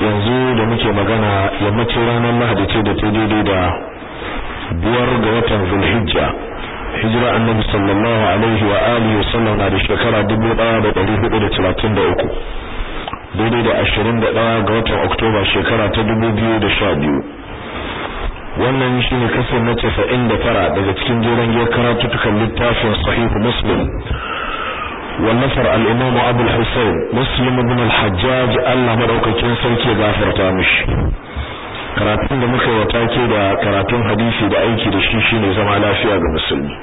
yanzu da muke magana yammacin ranar lahadi ce da ta daidai da buwar ga watan zulhijja hijira annabi sallallahu alaihi wa alihi wa sallam na da shekara 1433 daidai da ashirin 21 ga watan oktoba shekara ta 2012 wannan shi ne kasar na 99 daga cikin jeran karatu karatuttukan littafin sahihu muslim والنصر الإمام أبو الحسين مسلم بن الحجاج الله مدعوكين سوكي غافر تامش karatun da muka wa take da karatun hadisi da aiki da shi shine zama lafiya ga musulmi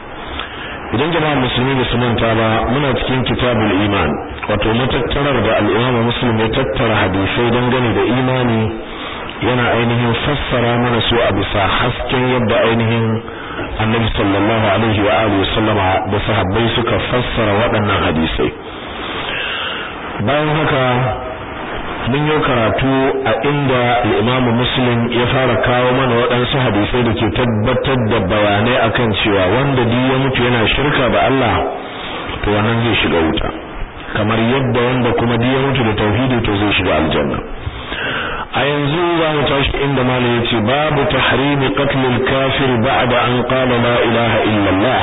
idan jama'a musulmi ba su manta ba muna cikin kitabul iman wato matattarar da al-Imam Muslim ya tattara hadisai dangane da imani yana ainihin fassara mana su a bisa hasken yadda ainihin annabi sallallahu alaihi wa alihi wasallama da sahabbai suka fassara waɗannan hadisai bayan haka mun yi karatu a inda al-Imam Muslim ya fara kawo mana waɗansu hadisai da ke tabbatar da bayanai akan cewa wanda duk ya mutu yana shirka ba Allah to wannan zai shiga wuta kamar yadda wanda kuma duk ya mutu da tauhidi to zai shiga aljanna a yanzu za mu tashi inda malam yace babu tahrim qatl al-kafir ba'da an qala la ilaha illa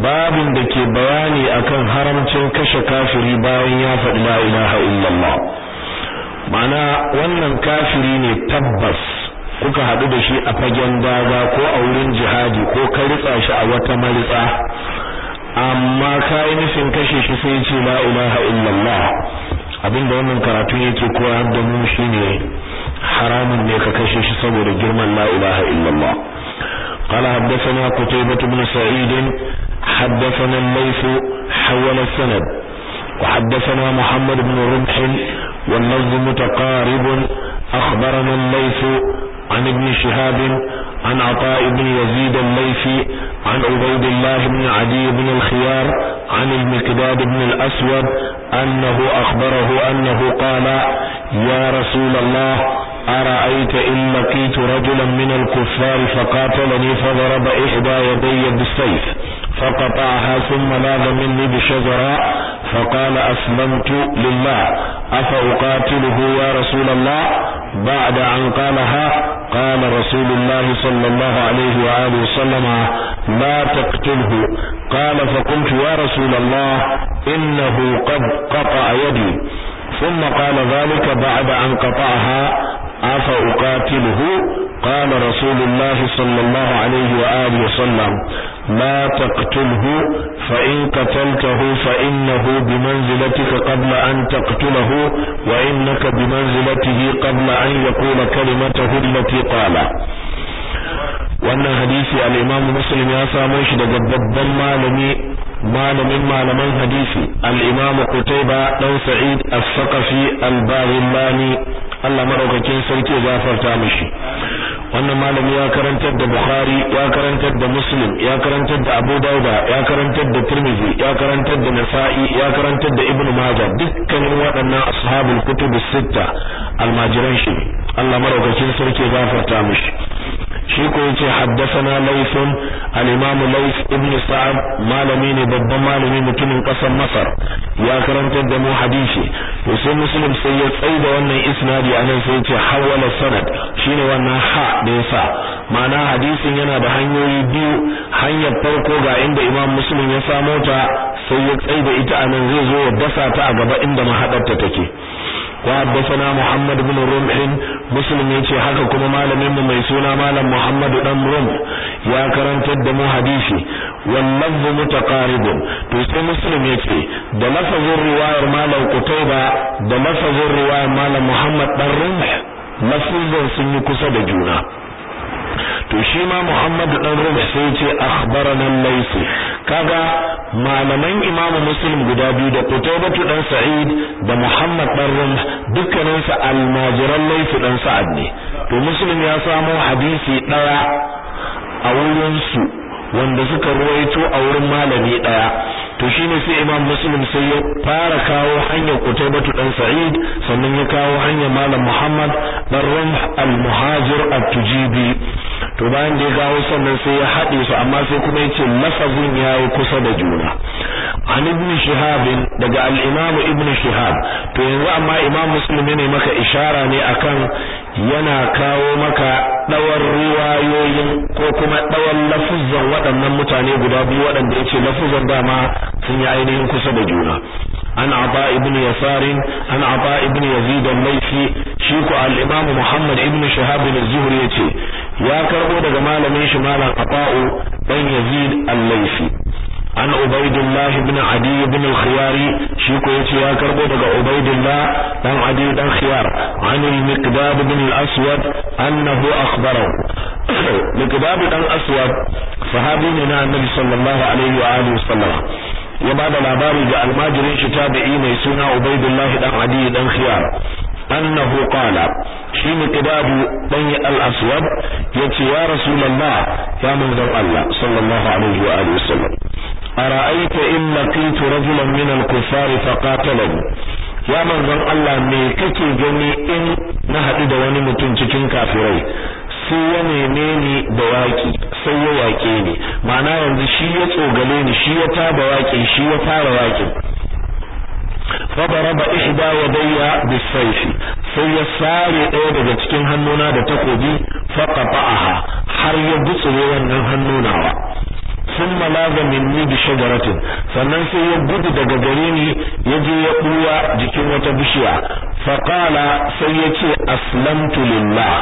babin da ke bayani akan haramcin kashe kafiri bayan ya faɗi la ilaha illa Allah ma'ana wannan kafiri ne tabbas kuka haɗu da shi a fagen daga ko a wurin jihadi ko ka ritsa shi a wata maritsa amma ka yi nufin kashe shi sai ce la ilaha illallah abinda wannan karatu yake koyar da mu shine haramun ne ka kashe shi saboda girman la ilaha illallah قال حدثنا قتيبة بن سعيد حدثنا الليث حول السند وحدثنا محمد بن رمح واللفظ متقارب أخبرنا الليث عن ابن شهاب عن عطاء بن يزيد الليثي عن عبيد الله بن عدي بن الخيار عن المقداد بن الأسود أنه أخبره أنه قال يا رسول الله أرأيت إن لقيت رجلا من الكفار فقاتلني فضرب إحدى يدي بالسيف فقطعها ثم لاذ مني بشجرة فقال أسلمت لله أفأقاتله يا رسول الله بعد أن قالها قال رسول الله صلى الله عليه وآله وسلم لا تقتله قال فقلت يا رسول الله إنه قد قطع يدي ثم قال ذلك بعد أن قطعها أفأقاتله قال رسول الله صلى الله عليه وآله وسلم لا تقتله فإن قتلته فإنه بمنزلتك قبل أن تقتله وإنك بمنزلته قبل أن يقول كلمته التي قال وأن حديث الإمام مسلم يا ساموش دقبض بالمالمي malamin malaman hadisi al-imam Qutayba dan Sa'id as-Saqafi al-Baghlani Allah madaukakin sarki ya gafarta wannan malami ya karantar da Bukhari ya karantar da Muslim ya karantar da Abu Dawud ya karantar da Tirmidhi ya karantar da Nasa'i ya karantar da Ibn maja dukkanin waɗannan ashabul kutub sitta almajiran shi Allah madaukakin sarki ya gafarta shi ko yace haddathana Layth al-imam Layth ibn sa'ad malami ne babban malami mutumin kasar masar ya karantar da mu hadisi to sai muslim sai ya tsaida wannan isnadi anan sai ya ce hawala sanad shine wannan ha da yasa ma'ana hadisin yana da hanyoyi biyu hanyar farko ga inda imam muslim ya samo ta sai ya da ita anan zai zo ya dasa ta a gaba inda ta take wa abdasana muhammad bin rumhin muslim ya ce haka kuma malamin mu mai suna malam muhammad dan rum ya karantar da mu hadisi wal lafz mutaqarib to sai musulmi ya ce da lafz riwayar malam kutaiba da lafz riwayar malam muhammad dan rum masulun sun yi kusa da juna to shi ma Muhammad dan rubu sai ya ce akhbarana Layth kaga malaman Imam Muslim guda biyu da Qutaybah dan Sa'id da Muhammad dan rubu dukkanin sa almajiran laifi dan Sa'ad ne to Muslim ya samo hadisi daya a wurin su wanda suka ruwaito a wurin malami daya to shine sai imam muslim sai ya fara kawo hanyar kutaybatu dan sa'id sannan ya kawo hanyar malam muhammad dan ramh al muhajir at tujibi to bayan da ya kawo sannan sai ya hade su amma sai kuma yace lafazin yayi kusa da juna an ibn shihab daga al imam ibn shihab to yanzu amma imam muslim ne maka ishara ne akan yana kawo maka dawar riwayoyin ko kuma dawar lafuzan waɗannan mutane guda biyu waɗanda ce lafuzar dama sun yi ainihin kusa da juna an aba ibn yasar an aba ibn yazid al-laythi shi ku al-imam muhammad ibn shahab al-zuhri ce ya karbo daga malamin shi malam aba'u dan yazid al laifi. an ubaidullah ibn adi ibn al-khiyari shi ko yace ya karbo daga ubaidullah dan adi dan khiyar an al-miqdad ibn al-aswad annahu akhbarahu miqdad dan aswad sahabi ne na annabi sallallahu alaihi wa alihi wasallam ya bada labari ga almajirin shi tabi'i mai suna ubaidullah dan adi dan khiyar أنه قال شين قباب بني الأسود يتي يا رسول الله يا من ذو الله صلى الله عليه وآله وسلم ara'aita in laqitu rajulan min al-kuffari faqatalahu ya manzon Allah me kake gani in na haɗu da wani mutum cikin kafirai sai ya neme ni da waƙi sai ya waƙe ni ma'ana yanzu shi ya tsogale ni shi ya taba waƙin shi ya fara waƙin فضرب sai ya بالسيف سيسار daga cikin hannuna da takobi فقطعها har ya gutsure wannan hannunawa. thumma laga minni bi shajaratin sannan sai ya gudu daga gare ni ya je ya buwa jikin wata bishiya fa sai ya ce aslamtu lillah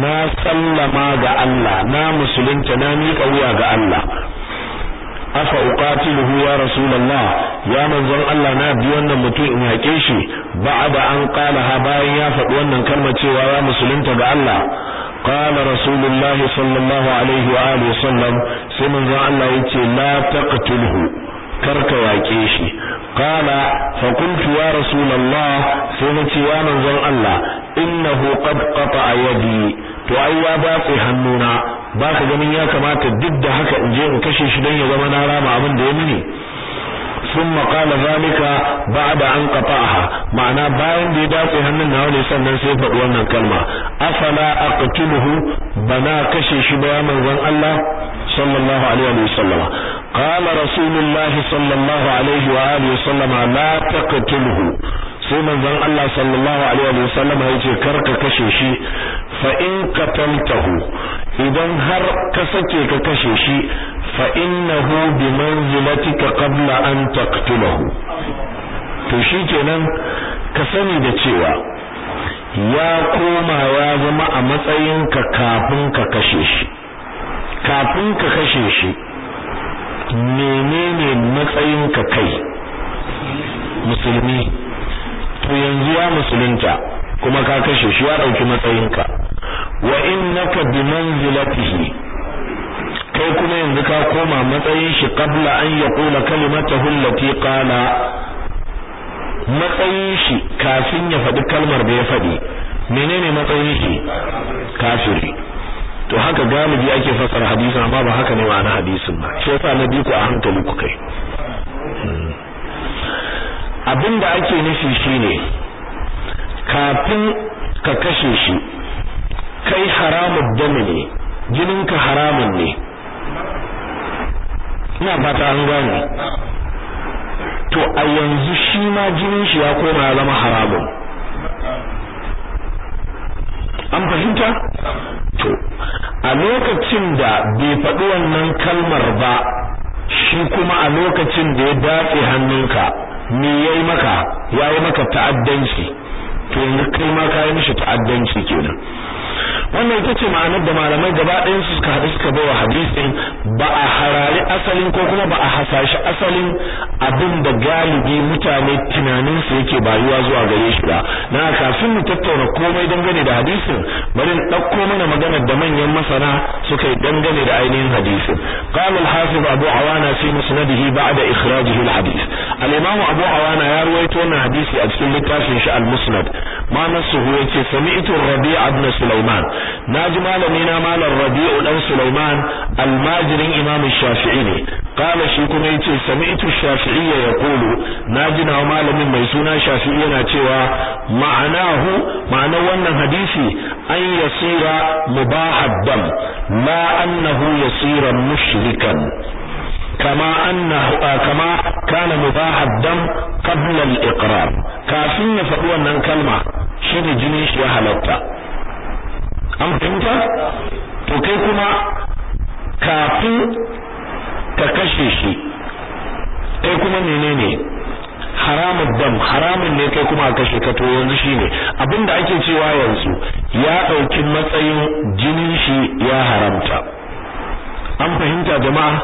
na sallama ga Allah na musulunta na miƙa wuya ga Allah afa uqatiluhu ya rasulullah ya manzon Allah na bi wannan mutum in hake shi ba an qala ha bayan ya faɗi wannan kalma cewa ya musulunta ga Allah قال رسول الله صلى الله عليه وآله وسلم سمن الله يتي لا تقتله كرك واكيشي قال فقلت يا رسول الله سمتي يا من الله إنه قد قطع يدي وأي باقي هنونا باقي جميع كما تدد حكا إن جيه كشي شدين يزمنا رام عمن ديمني thumma qala zalika da an qata'aha ma'ana bayan da ya dace hannun nawa ne sannan sai faɗi wannan kalma asala a afala aqtuluhu bana kashe shi ba manzon Allah sallallahu alaihi wa sallama qala rasulullahi sallallahu alaihi wa alihi wa sallama la taqtuluhu sai manzon Allah sallallahu alaihi wa sallam ya ce kar ka kashe shi fa in qataltahu idan har ka sake ka kashe shi fa innahu bi manzilatika qabla an taqtulahu to shikenan ka sani da cewa ya koma ya zama a matsayinka kafin ka kashe shi kafin ka kashe shi menene matsayin ka kai musulmi to yanzu ya musulunta kuma ka kashe shi ya dauki matsayinka wa innaka bi manzilatihi kai kuma yanzu ka koma matsayin shi qabla an yaqula kalimatahu allati qala matsayin shi kafin ya faɗi kalmar da ya faɗi menene matsayin shi kafiri to haka galibi ake fasara hadisin amma ba haka ne ma'ana hadisin ba sai sa na bi a hankali ku kai abin da ake nufi shine kafin ka kashe shi kai haramun dami ne jininka haramun ne ina fata an gane to a yanzu shi ma jinin shi ya koma ya zama haramun an fahimta to a lokacin da bai faɗi wannan kalmar ba shi kuma a lokacin da ya dace hannunka me yayi maka yayi maka ta'addanci to yanzu kai ma kai mishi ta'addanci kenan wannan ita ce ma'anar da malamai gaba ɗayan su suka haɗu suka baiwa hadisin ba a harari asalin ko kuma ba a hasashi asalin abin da galibi mutane tunanin su yake bayuwa zuwa gare shi ba na kafin mu tattauna komai dangane da hadisin bari in ɗauko mana maganar da manyan masana suka yi dangane da ainihin hadisin قال الحافظ أبو عوانة في مسنده بعد ya ruwaito الإمام hadisi a cikin littafin shi أجل لتافي musnad ما نصه yace sami'tu الربيع ibn سليمان Sulaiman naji malami na malam Rabi'u dan Sulaiman almajirin Imam Shafi'i ne kala shi kuma yace sami'tu Shafi'i ya yaqulu naji na malamin mai suna Shafi'i yana cewa ma'anahu ma'anar wannan hadisi an yasira mubahaddam ma annahu yasira mushrikan كما أنه كما kafin مباح faɗi قبل الإقرار kalma shi أن كلمة shi ya halatta. an fahimta to kai kuma kafin ka kashe shi kai kuma menene haramun dam haramun ne kai kuma a kashe ka to yanzu shine abinda ake cewa yanzu ya ɗauki matsayin jinin shi ya haramta an fahimta jama'a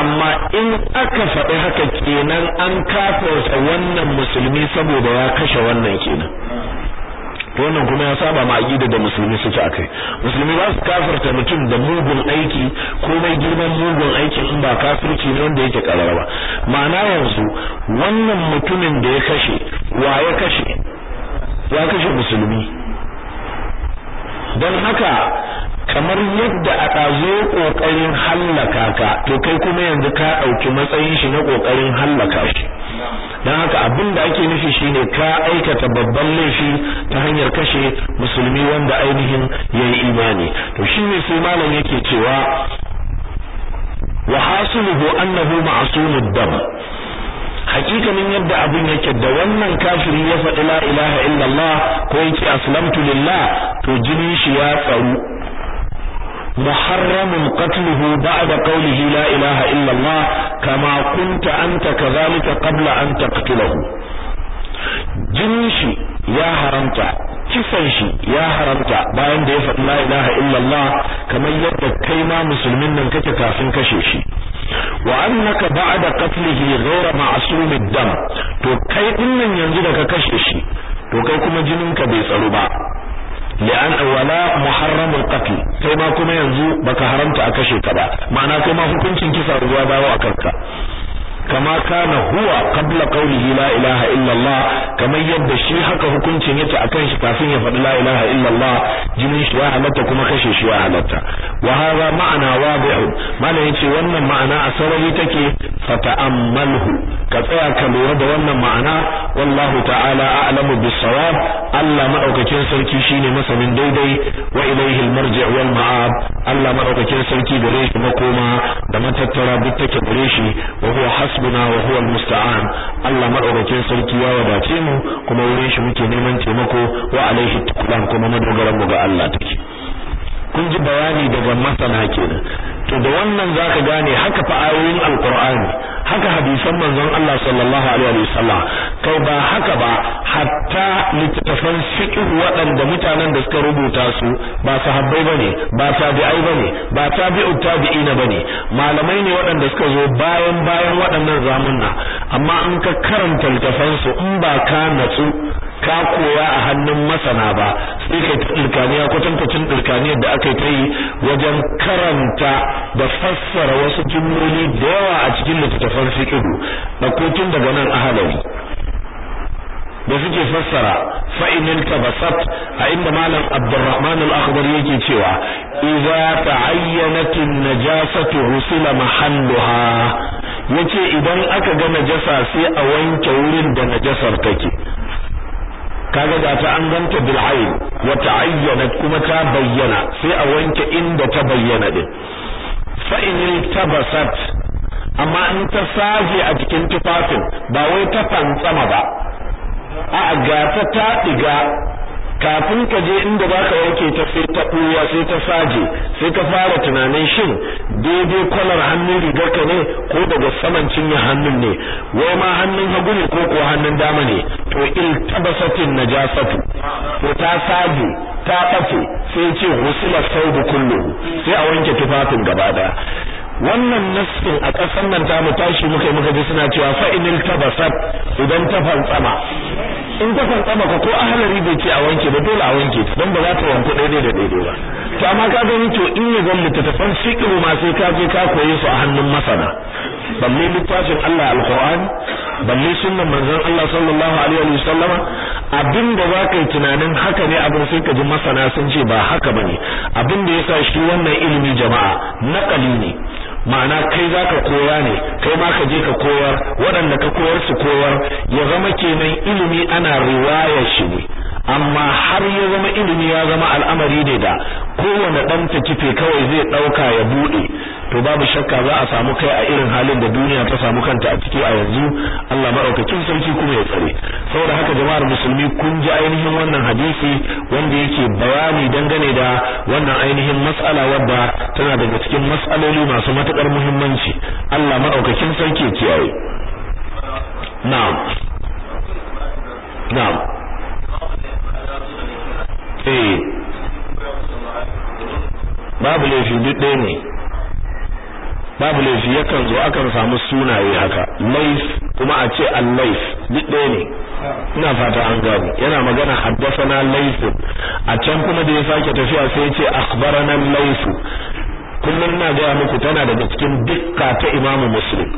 amma in aka faɗi haka kenan an kafarta wannan musulmi saboda ya kashe wannan kenan to wannan kuma ya saba ma aqida da musulmi suke akai musulmi ba su kafirta mutum da mugun aiki ko mai girman mugun aiki in ba kafirci ne wanda yake karara ba ma'ana yanzu wannan mutumin da ya kashe wa ya kashe ya kashe musulmi don haka kamar yadda a ɗazo ƙoƙarin hallaka ka to kai kuma yanzu ka ɗauki matsayin shi na kokarin hallaka shi dan haka abin da ake nufi shine ka aikata babban laifi ta hanyar kashe musulmi wanda ainihin yayi imani to shine sai malam yake cewa wa hasuluhu annahu ma'sumud dam hakikanin yadda abin yake da wannan kafiri ya faɗi la ilaha illallah ko yake aslamtu lillah to jini shi ya tsaru محرم قتله بعد قوله لا إله إلا الله كما كنت أنت كذلك قبل أن تقتله جنشي يا حرمت kisan shi ya haramta bayan da ya faɗi la ilaha illallah kamar yadda kai ma musulmin nan kake kafin kashe shi wa annaka ba'da qatlihi ghayra ma'sumid dam to kai din yanzu da ka kashe shi to kai kuma jininka bai tsaro ba li'an wala muharramul qatl kai ma kuma yanzu baka haramta a kashe ka ba ma'ana kai ma hukuncin kisa ruwa dawo a kanka kama kana huwa qabla qawlihi la ilaha illa Allah kamar yadda shi haka hukuncin yace akan shi kafin ya faɗi la ilaha illa Allah jinin shi ya halatta kuma kashe shi ya halatta wa hadha ma'ana wadihu mana yace wannan ma'ana a sarari take fata'ammalhu ka tsaya ka lura da wannan ma'ana wallahu ta'ala a'lamu bis-sawab Allah madaukakin sarki shine masanin daidai wa ilayhi al-marji' wal ma'ab Allah madaukakin sarki gare shi makoma da matattara duk take gare shi wa huwa hasbuna wa huwa almusta'an Allah madaukakin sarki ya wadace mu kuma wurin shi muke neman taimako wa alaihi tuklan kuma madogaran mu ga Allah take kun ji bayani daga masana kenan to da wannan zaka gane haka fa'ayoyin ayoyin alqur'ani haka hadisan manzon Allah sallallahu alaihi wasallam kai ba haka ba hatta littafan fiqh waɗanda mutanen da suka rubuta su ba sahabbai bane ba tabi'ai bane ba tabi'u tabi'ina bane malamai ne waɗanda suka zo bayan bayan waɗannan zamanna amma in ka karanta littafan su in ba ka natsu ka koya a hannun masana ba sai kai ta kwatankwacin dirkaniyar da aka ta yi wajen karanta da fassara wasu jimloli da yawa a cikin littattafan da kotun daga nan a halari da suke fassara fa'inil tabasat a inda malam Abdurrahman al yake cewa idza ta'ayyanat an-najasatu husila mahalluha yace idan aka ga najasa sai a wanke wurin da najasar take kaga da ta an ganta bil ayn wa ta'ayyana kuma ta bayyana sai a wanke inda ta bayyana din fa in tabasat amma in ta saje a cikin tufafin ba wai ta fantsama ba a ga ta ta kafin ka je inda za ka wanke ta sai ta kuwa sai ta saje sai ka fara tunanin shin daidai kwalar hannun rigarka ne ko daga saman cinye hannun ne wai ma hannun hagu ne ko ko hannun dama ne to il tabasatin najasatu to ta saje ta ɓace sai ce husila da kullum sai a wanke tufafin gaba daya wannan nassin a ƙasar nan ta mu tashi muka yi muka ji suna cewa fa'inil tabasat idan ta fantsama in ta fantsama ka ko ahalari bai ce a wanke ba dole a wanke don ba za ta wanku daidai da daidai ba Ta ma ka gani to in ya zan littattafan fikiru ma sai ka je ka koye su a hannun masana balle littafin Allah alquran balle sunnan manzon Allah sallallahu alaihi wa sallama abinda za ka yi tunanin haka ne abin sai ka ji masana sun ce ba haka bane abin da yasa shi wannan ilimi jama'a naƙali ne ma'ana kai za ka koya ne kai ma ka je ka koyar waɗanda ka koyar su koyar ya zama kenan ilimi ana riwaya shi ne amma har ya zama ilimi ya zama al'amari ne da kowane ɗan ta kife kawai zai ɗauka ya buɗe to babu shakka za a samu kai a irin halin da duniya ta samu kanta a ciki a yanzu Allah maɗaukakin sarki kuma ya tsare saboda haka jama'ar musulmi kun ji ainihin wannan hadisi wanda yake bayani dangane da wannan ainihin mas'ala wadda tana daga cikin mas'aloli masu matuƙa matukar muhimmanci Allah madaukakin sarki ya kiyaye na'am na'am eh babu laifi duk ɗaya ne babu laifi yakan zo akan samu sunaye haka laif kuma a ce al duk ɗaya ne ina fata an gani yana magana haddasa na laifin a can kuma da ya sake tafiya sai ya ce akhbarana laifin kullum na gaya muku tana daga cikin dukka ta imamu Muslim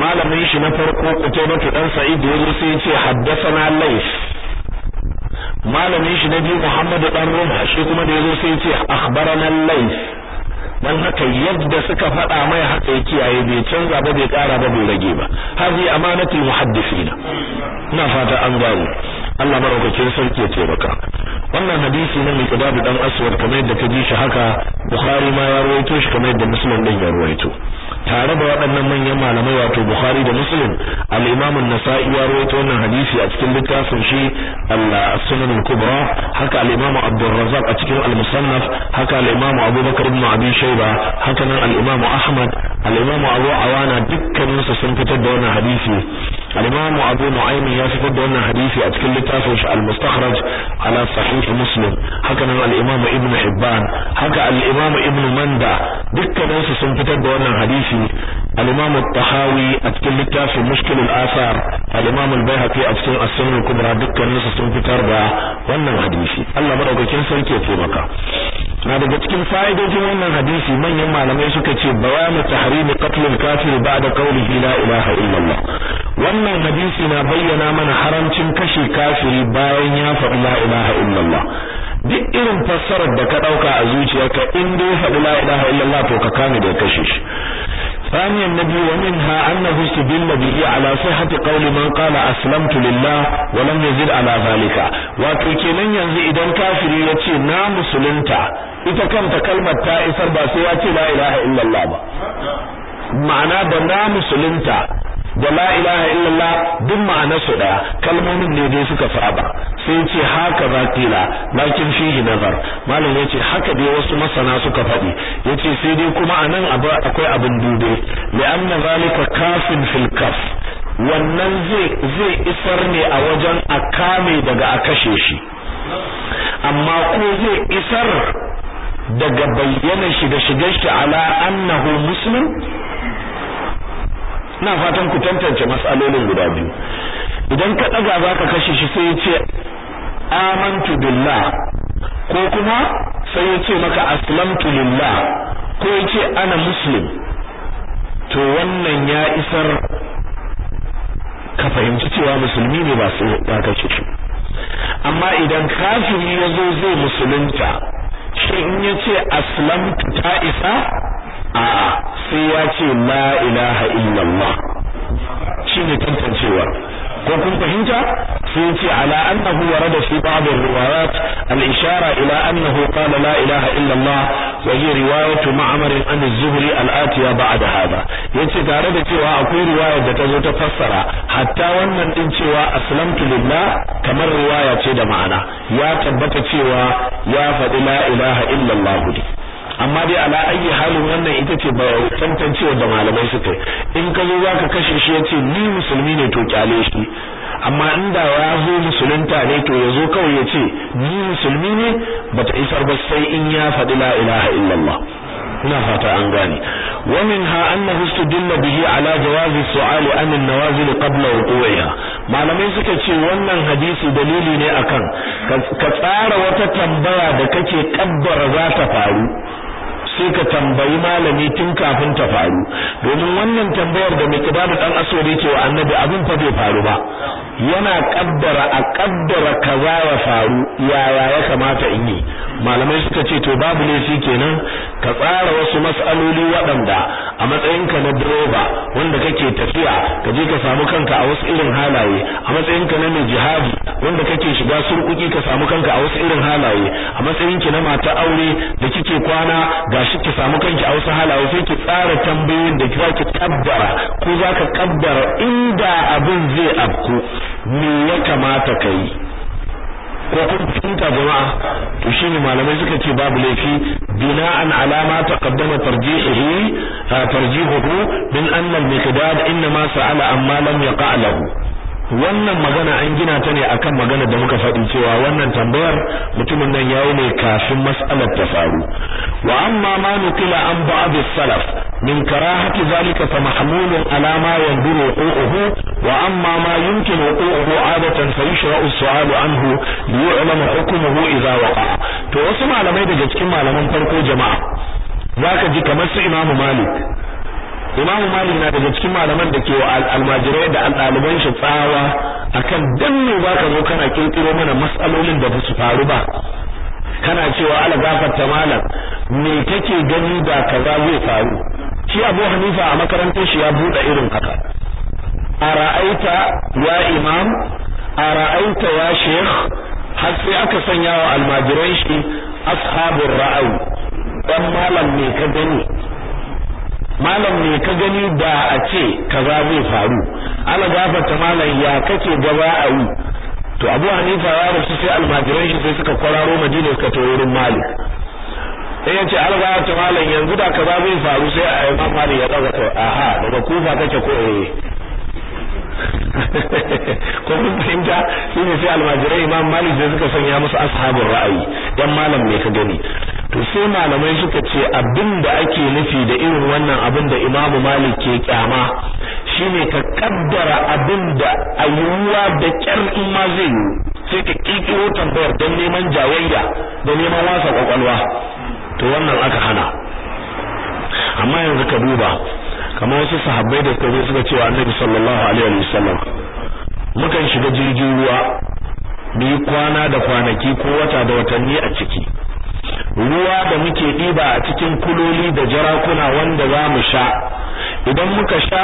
malamin shi na farko Qutaybah dan Sa'id ya rusa haddasa na lais malamin shi na biyu muhammadu dan Rumh shi kuma da yazo sai ce akhbarana lais don haka yadda suka faɗa mai haka ya kiyaye bai canza ba bai ƙara ba bai rage ba hazi amanati muhaddisina ina fata an gano Allah maraukakin sarki ya taimaka wannan hadisi na mai kudabi dan aswad kamar yadda ka ji shi haka bukhari ma ya rawaito shi kamar yadda muslim din ya rawaito tare da waɗannan manyan malamai wato Bukhari da Muslim al-Imam an-Nasa'i ya rawaito wannan hadisi a cikin littafin shi al-Sunan al-Kubra haka al-Imam Abdul a cikin al-Musannaf haka al-Imam Abu Bakar ibn Abi Shayba haka nan al-Imam Ahmad al-Imam Abu Awana dukkanin su sun fitar da wannan hadisi al-Imam Abu Nu'aym ya fitar da wannan hadisi a cikin littafin shi al-Mustakhraj ala Sahih Muslim haka nan al-Imam Ibn Hibban haka al-Imam Ibn Manda Dukkaninsu sun fitar da wannan hadisi al-Imam tahawi a cikin littafin Mushkil al-Athar al-Imam al a cikin As-Sunan al-Kubra dukkanin sun fitar da wannan hadisi Allah madaukakin sarki ya taimaka na daga cikin fa'idojin wannan hadisi manyan malamai suka ce bayanu tahrim qatl al-kafir ba'da qawlihi la ilaha illallah wannan hadisi na bayyana mana haramcin kashe kafiri bayan ya faɗi la ilaha illallah duk irin fassarar da ka dauka a zuciyarka in dai faɗi la ilaha illallah to ka kame da kashe shi ثانيا النبي ومنها أنه استدل به على صحة قول من قال أسلمت لله ولم يزد على ذلك وكيكينن ينزي إذا كافر يتي نا مسلمتا إذا كانت كلمة تائسر باسياتي لا إله إلا الله ba. ma'ana da na musulunta da la ilaha illallah duk ma'anar su daya kalmomin ne dai suka saba sai ce haka za kila lakin fihi nazar malam yace haka dai wasu masana suka faɗi yace sai dai kuma anan akwai abin dube li'anna zalika kafin fil kaf wannan zai zai isar ne a wajen akame daga a kashe shi amma ko zai isar daga bayyana shi da shigar shi ala annahu muslim ina fatan ku tantance matsalolin guda biyu idan ka daga ka kashe shi sai ya ce amantu billah ko kuma sai ya ce maka aslamtu lillah ko ya ce ana muslim to wannan ya isar ka fahimci cewa musulmi ne ba su ya kace shi amma idan kafiri ya zo zai musulunta shi in ya ce aslamtu ta isa a'a sai ya ce la ilaha illallah shine tantancewa ko kun fahimta sai ce ala annahu warada fi ba'd ar-riwayat al-ishara ila annahu qala la ilaha illa Allah wa hi riwayatu ma'mar an az-zuhri al-atiya ba'da hada yace tare da cewa akwai riwaya da ta zo ta fassara hatta wannan din cewa aslamtu lillah kamar riwaya ce da ma'ana ya tabbata cewa ya faɗi la ilaha illa Allah amma dai ala ayi halin wannan ita ce ba tantancewa da malamai suka in ka zo zaka kashe shi yace ni musulmi ne to kyale shi amma in da ya zo musulunta ne to ya zo kawai ya ce ni musulmi ne bata isar ba sai in ya faɗi la ilaha illallah ina fata an gane wa minha annahu istadilla bihi ala jawazi su'ali an an-nawazil qabla wuqu'iha malamai suka ce wannan hadisi dalili ne akan ka tsara wata tambaya da kake kabbara za ta faru sai ka tambayi malami tun kafin ta faru domin wannan tambayar da mai miqdadu dan aswad yake wa annabi abin fa bai faru ba yana kaddara a kaddara kaza ya faru yaya ya kamata in yi malamai suka ce to babu laifi kenan ka tsara wasu mas'aloli waɗanda a matsayinka na direba wanda kake tafiya ka je ka samu kanka a wasu irin halaye a matsayinka na mai jihadi wanda kake shiga surkuki ka samu kanka a wasu irin halaye a matsayinki na mata aure da kike kwana ga shi ki samu kanki a wasu halaye sai ki tsara tambayoyin da za ki kaddara ko za ka kaddara inda abin zai afku me ya kamata ka yi ko kun fahimta jama'a to shine malamai suka ce babu laifi an alama taqaddama tarjihihi tarjihuhu min anna al-miqdad inma sa'ala amma lam yaqa lahu wannan magana an gina ta ne akan magana da muka faɗi cewa wannan tambayar mutumin nan yi ne kafin mas'alar ta faru wa amma ma nukila an ba'd salaf min karahati zalika fa mahmulun ala ma yanduru uquhu wa amma ma yumkin uquhu adatan fa yushra'u sual anhu li yu'lama hukmuhu idha waqa to wasu malamai daga cikin malaman farko jama'a zaka ji kamar su Imam Malik imamu malik na daga cikin malaman da ke wa almajirai da ɗaliban shi tsawa akan kan ba ka zo kana kirkiro mana matsalolin da ba su faru ba kana cewa ala gafarta malam me kake gani da kaza zai faru shi abu hanifa a makarantar shi ya buɗe irin haka A ra'aita ya imam a ra'aita ya sheikh har sai aka sanya wa almajirai shi ashabur ra'ayi dan malam me ka gani malam ne ka gani da a ce kaza zai faru ala gafarta malam ya kake gaba a yi to abu hanifa ya rasu sai almajiran shi sai suka kwararo madina suka to wurin malik sai ya ce ala gafarta malam yanzu da kaza zai faru sai a yi malik ya ɗaga to aha daga kufa kake ko eh? ko kun fahimta shi ne sai almajirai imam malik da suka sanya musu ashabin ra'ayi dan malam ne ka gani to sai malamai suka ce abinda ake nufi da irin wannan abin da imam malik ke kyama shine ka kaddara abin da ayyuwa da kyar in ma zai yi sai ka kikiro tambayar don neman jawayya da neman wasa kwakwalwa to wannan aka hana amma yanzu ka duba kamar wasu sahabbai da suka zo suka ce wa annabi sallallahu alaihi wa sallam mukan shiga jirgin ruwa mu yi kwana da kwanaki ko wata da watanni a ciki ruwa da muke ɗiba a cikin kuloli da jarakuna wanda za mu sha idan muka sha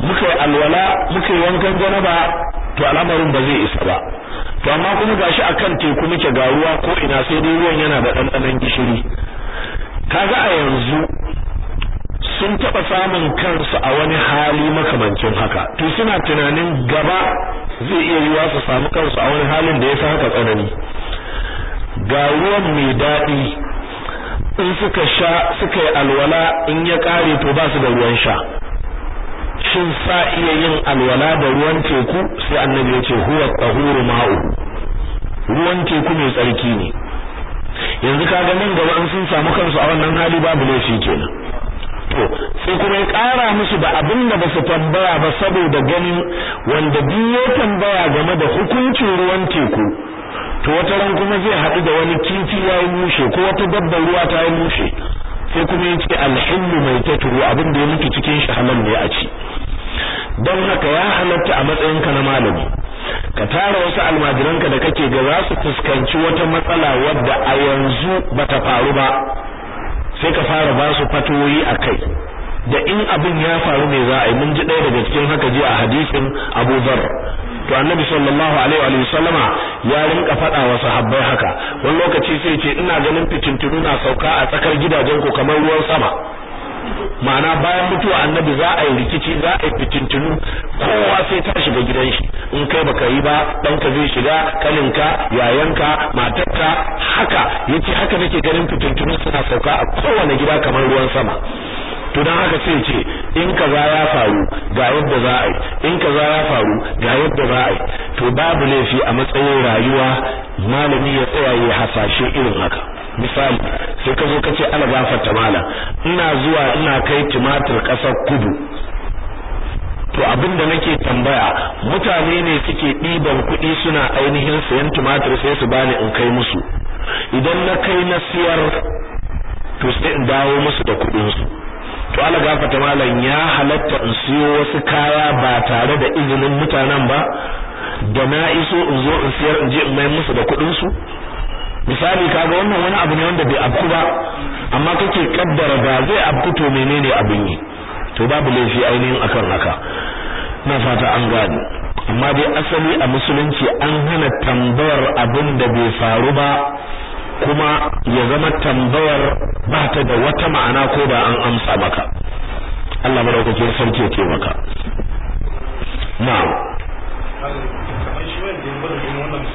muka alwala muka yi wankan janaba to al'amarin ba zai isa ba to amma kuma gashi akan teku muke ga ruwa ko ina sai dai ruwan yana da ɗanɗanon gishiri kaga a yanzu sun taɓa samun kansu a wani hali makamancin haka to suna tunanin gaba zai iya yiwa su samu kansu a wani halin da ya sa haka tsanani ga ruwan mai daɗi in suka sha suka yi alwala in ya ƙare to ba su da ruwan sha shin sa iya yin alwala da ruwan teku sai annabi ya ce huwa tahuru ma'u ruwan teku mai tsarki ne yanzu kaga nan gaba in sun samu kansu a wannan hali babu laifi kenan to sai kuma ya ƙara musu da abin da ba su tambaya ba saboda ganin wanda duk ya tambaya game da hukuncin ruwan teku to wata ran kuma zai haɗu da wani kifi ya yi mushe ko wata dabbar ruwa ta yi mushe sai kuma ya ce mai taturu abin da ya mutu cikin shi halal ne a ci don haka ya halatta a matsayinka na malami ka tara wasu almajiranka da kake ga za su fuskanci wata matsala wadda a yanzu bata faru ba sai ka fara ba su fatoyi a kai da in abin ya faru ne za a yi mun ji ɗaya daga cikin haka ji a hadisin abubuwar. to annabi sallallahu alaihi wa sallama ya rinka faɗa wa sahabbai haka wani lokaci sai ce ina ganin fitintunu na sauka a tsakar gidajen ku kamar ruwan sama ma'ana bayan mutuwa annabi za a yi rikici za a yi fitintunu kowa sai ta shiga gidan shi in kai baka yi ba ɗanka zai shiga kaninka yayanka matarka haka yace haka nake ganin fitintunu suna sauka a kowane gida kamar ruwan sama to dan haka sai ce in kaza ya faru ga yadda za a yi in kaza ya faru ga yadda za a yi to babu laifi a matsayin rayuwa malami ya tsaya ya hasashe irin haka misali sai ka zo ka ce ala ta mala ina zuwa ina kai tumatir kasar kudu to abin da nake tambaya mutane ne suke ɗiban kuɗi suna ainihin sayan tumatir sai su bani in kai musu idan na kai na siyar to sai in dawo musu da kuɗinsu to ala gafata malam ya halatta in siyo wasu kaya ba tare da izinin mutanen ba da na iso in zo in siyar in je in mai musu da kuɗinsu misali kaga wannan wani abu ne wanda bai abku ba amma kake kaddara ga zai abku to menene abin yi to babu laifi ainihin akan haka na fata an gane amma dai asali a musulunci an hana tambayar abin da bai faru ba kuma ya zama tambayar ba ta da wata ma'ana ko da an amsa maka Allah madaukakin sarki ya taimaka na'am kamar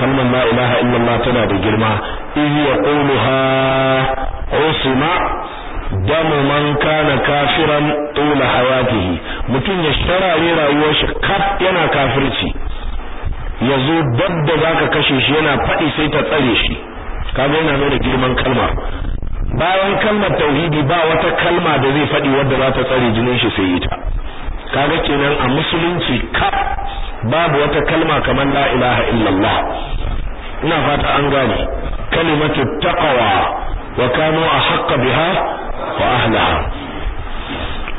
kalmar la ilaha illallah tana da girma in yaquluha usma damu man kana kafiran tula hayatihi mutum ya sharare rayuwar shi kaf yana kafirci yazo dabba zaka kashe shi yana fadi sai ta tsare shi kaga yana nuna girman kalma bayan kalmar tauhidi ba wata kalma da zai faɗi wadda za ta tsare jinin shi sai ita kaga kenan a musulunci kaf. babu wata kalma kamar la ilaha illallah ina fata an gane kalimatu taqwa wa kanu ahqqa biha wa ahliha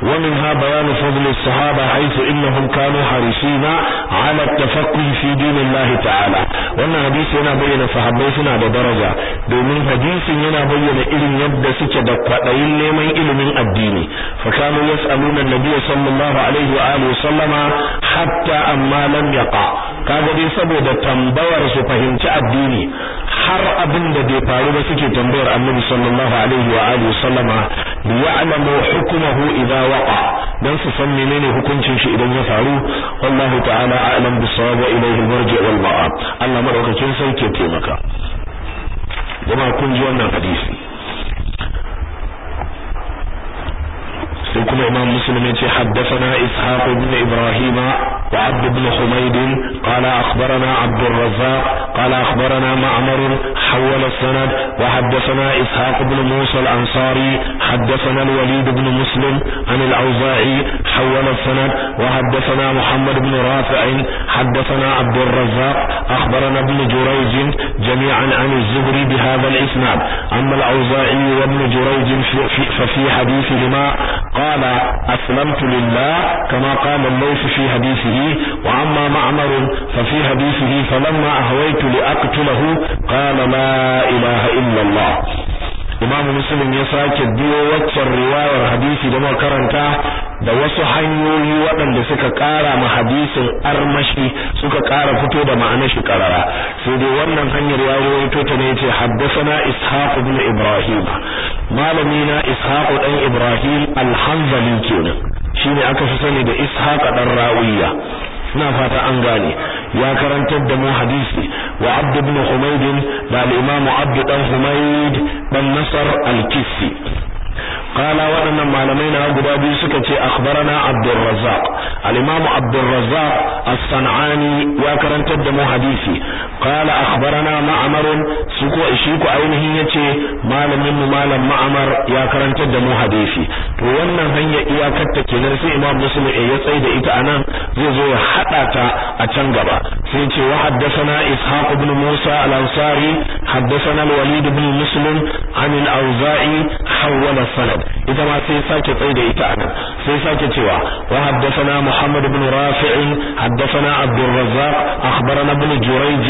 ومنها بيان فضل الصحابة حيث إنهم كانوا حريصين على التفقه في دين الله تعالى وأن حديث هنا بين صحابي سنة درجة بمن حديث هنا بين إلم يبدأ سكة قطعين لمن إلم الدين فكانوا يسألون النبي صلى الله عليه وآله وسلم حتى أما لم يقع kaga dai saboda tambayar su fahimci addini har abin da bai faru ba suke tambayar annabi sallallahu alaihi wa alihi wasallama ya'lamu hukmuhu idza waka dan su san menene hukuncin shi idan ya faru wallahi ta'ala a'lam bis-sawab wa ilayhi al-marji wal ma'ab Allah madaukakin sarki ya taimaka jama'a kun ji wannan hadisi يقول امام مسلم حدثنا اسحاق بن ابراهيم وعبد بن حميد قال اخبرنا عبد الرزاق قال اخبرنا معمر حول السند وحدثنا اسحاق بن موسى الانصاري حدثنا الوليد بن مسلم عن الاوزاعي حول السند وحدثنا محمد بن رافع حدثنا عبد الرزاق اخبرنا ابن جريج جميعا عن الزهري بهذا الاسناد اما الاوزاعي وابن جريج ففي حديثهما قال أسلمت لله كما قال الليث في حديثه وأما معمر ففي حديثه فلما أهويت لأقتله قال لا إله إلا الله imam muslim ya sake biyo waccan riwayar hadisi da muka karanta da wasu hanyoyi waɗanda suka ƙara ma hadisin armashi suka ƙara fito da ma'anar shi karara sai dai wannan hanyar ya rawaito ta ne yace haddathana ishaq ibn ibrahim malami na ishaq dan ibrahim al-hanzali kenan shine aka fi sani da ishaq dan rawiya ina fata an gane ya karantar da mu hadisi wa abd ibn humayd da al-imam abd dan nasar al-kisi qala waɗannan malamai na guda biyu suka ce akhbarana abdurrazzaq al-Imam Abdul Razzaq ya karantar da mu hadisi qala akhbarana Ma'mar su shi ko ainihin yace ce mu malam Ma'mar ya karantar da mu hadisi to wannan hanyar iyakar ta kenan sai Imam Muslim ya tsai da ita anan zai zo ya haɗa ta a can gaba sai ce wa haddathana Ishaq ibn Musa al-Ansari haddathana walid ibn Muslim an al-Awza'i sanad ita ma sai sake tsai da ita anan sai sake cewa wa haddathana محمد بن رافع حدثنا عبد الرزاق أخبرنا ابن جريج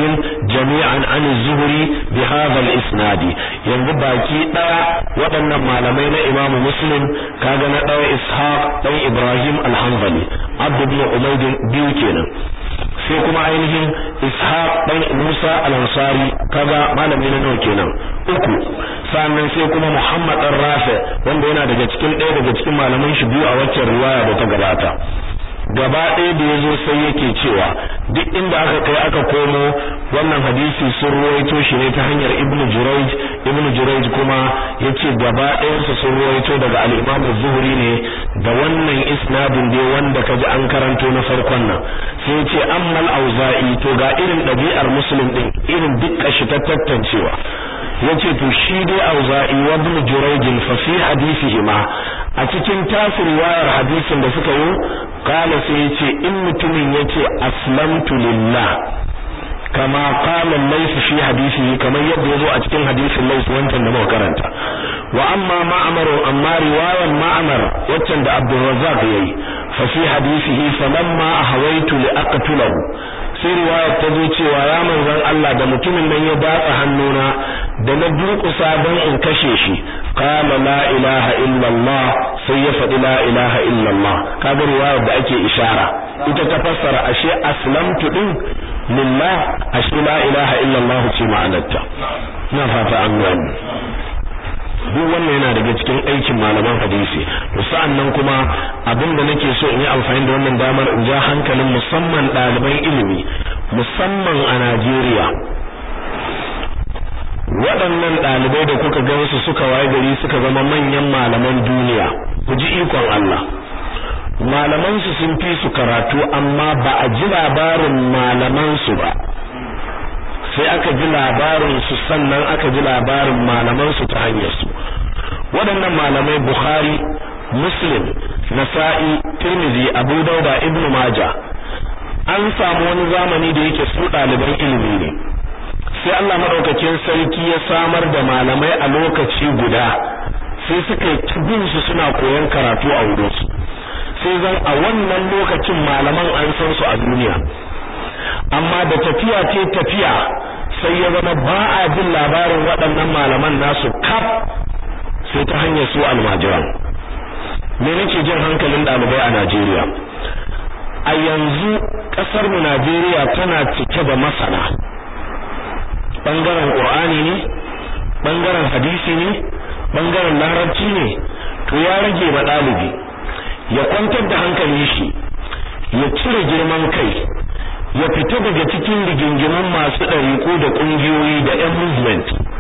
جميعا عن الزهري بهذا الإسناد ينبقى كيدا ودنا معلمين إمام مسلم كان أو إسحاق أو إبراهيم الحنظلي عبد بن عبيد بيوكينا sai kuma ainihin ishaq ɗan musa al-ansari kaga malami na nawa kenan uku sannan sai kuma muhammad dan rafi wanda yana daga cikin ɗaya daga cikin malaman shi biyu a waccan riwaya da ta gabata gaba ɗaya da ya zo sai yake cewa duk inda aka kai aka komo wannan hadisi sun ruwaito shi ne ta hanyar ibnu jurayj ibnu jurayj kuma yace gaba su sun ruwaito daga al-imam az-zuhri ne da wannan isnadin dai wanda kaji an karanto na farkon nan sai yace ammal auza'i to ga irin ɗabi'ar muslim din irin duk shi ta tantancewa yace to shi dai auza'i wa ibn fa fi ma a cikin tasir wayar hadisin da suka yi kala sai yace in mutumin yace aslamtu lillah kama qala laysa fi hadisihi kamar yadda yazo a cikin hadisin lays wancan da muka karanta wa amma ma'mar amma wayan ma'mar waccan da Abdul Razzaq yayi fa fi hadisihi falamma ahawaitu li aqtulahu sai riwayar ta zo cewa ya manzon Allah da mutumin nan ya datsa hannuna da na durƙusa don in kashe shi qala la ilaha illallah sai ya faɗi la ilaha illallah kaga riwayar da ake ishara ita ta fassara ashe aslamtu din lillah ashe la ilaha illallah ce ma'anarta na fata an gani duk wannan yana daga cikin aikin malaman hadisi to sa'annan kuma abinda da nake so in yi alfahari da wannan damar in ja hankalin musamman ɗaliban ilimi musamman a Najeriya waɗannan ɗalibai da kuka ga wasu suka waye gari suka zama manyan malaman duniya ku ji ikon Allah malaman su sun fi su karatu amma ba a ji labarin malaman su ba sai aka ji labarin su sannan aka ji labarin malaman su ta hanyar su waɗannan malamai bukhari muslim nasa'i tirmizi abu dauda ibnu maja an samu wani zamani da yake su ɗaliban ilimi ne sai Allah maɗaukakin sarki ya samar da malamai a lokaci guda sai suka yi su suna koyon karatu a wurinsu sai zan a wannan lokacin malaman an san su a duniya amma da tafiya ce tafiya sai ya zama ba a jin labarin waɗannan malaman nasu kaf sai ta hanyar su almajiran me nake jin hankalin ɗalibai a Najeriya a yanzu kasar mu Najeriya tana cike da masana bangaren Qur'ani ne bangaren hadisi ne bangaren larabci ne to ya rage ma ɗalibi ya kwantar da hankalin shi ya cire girman kai ya fita daga cikin rigingimun masu ɗariƙo da ƙungiyoyi da 'yan movement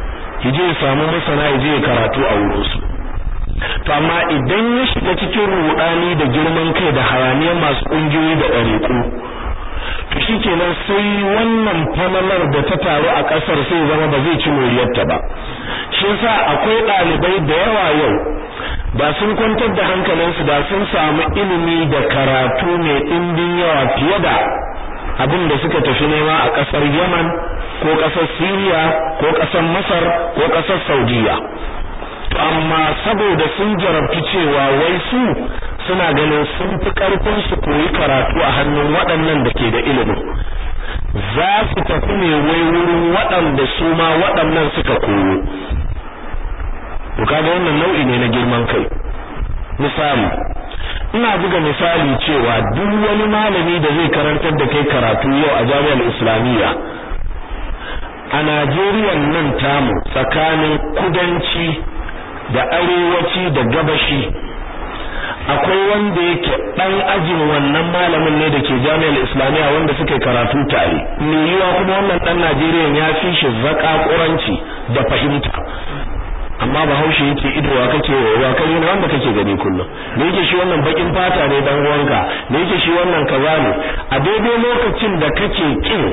ya je ya samu masana ya ya karatu a wurin su to amma idan ya shiga cikin rudani da girman kai da hayaniyar masu ƙungiyoyi da ɗariƙu to shikenan sai wannan famalar da ta taru a ƙasar sai zama ba zai ci moriyarta ba shi yasa akwai ɗalibai da yawa yau ba sun kwantar da hankalinsu da sun samu ilimi da karatu mai ɗimbin yawa fiye da abin da suka tafi nema a ƙasar Yaman ko ƙasar Syria ko ƙasar Masar ko ƙasar Saudiya to amma saboda sun jarabci cewa wai su suna ganin sun fi ƙarfin su koyi karatu a hannun waɗannan da ke da ilimi, za su tafi ne wai wurin waɗanda su ma waɗannan suka koyo to kaga wannan nau'i ne na girman kai misali ina buga misali cewa duk wani malami da zai karantar da kai karatu yau a jami'ar islamiyya a Najeriya nan tamu tsakanin kudanci da arewaci da gabashi akwai wanda yake dan ajin wannan malamin ne da ke jami'ar islamiyya wanda suke karatu tare mai yiwa kuma wannan dan najeriya ya fi shi zaka kuranci da fahimta amma ba haushe yake wa kake wa kai ne wanda kake gani kullum da yake shi wannan bakin fata ne dan uwanka da yake shi wannan kaza ne a daidai lokacin da kake kin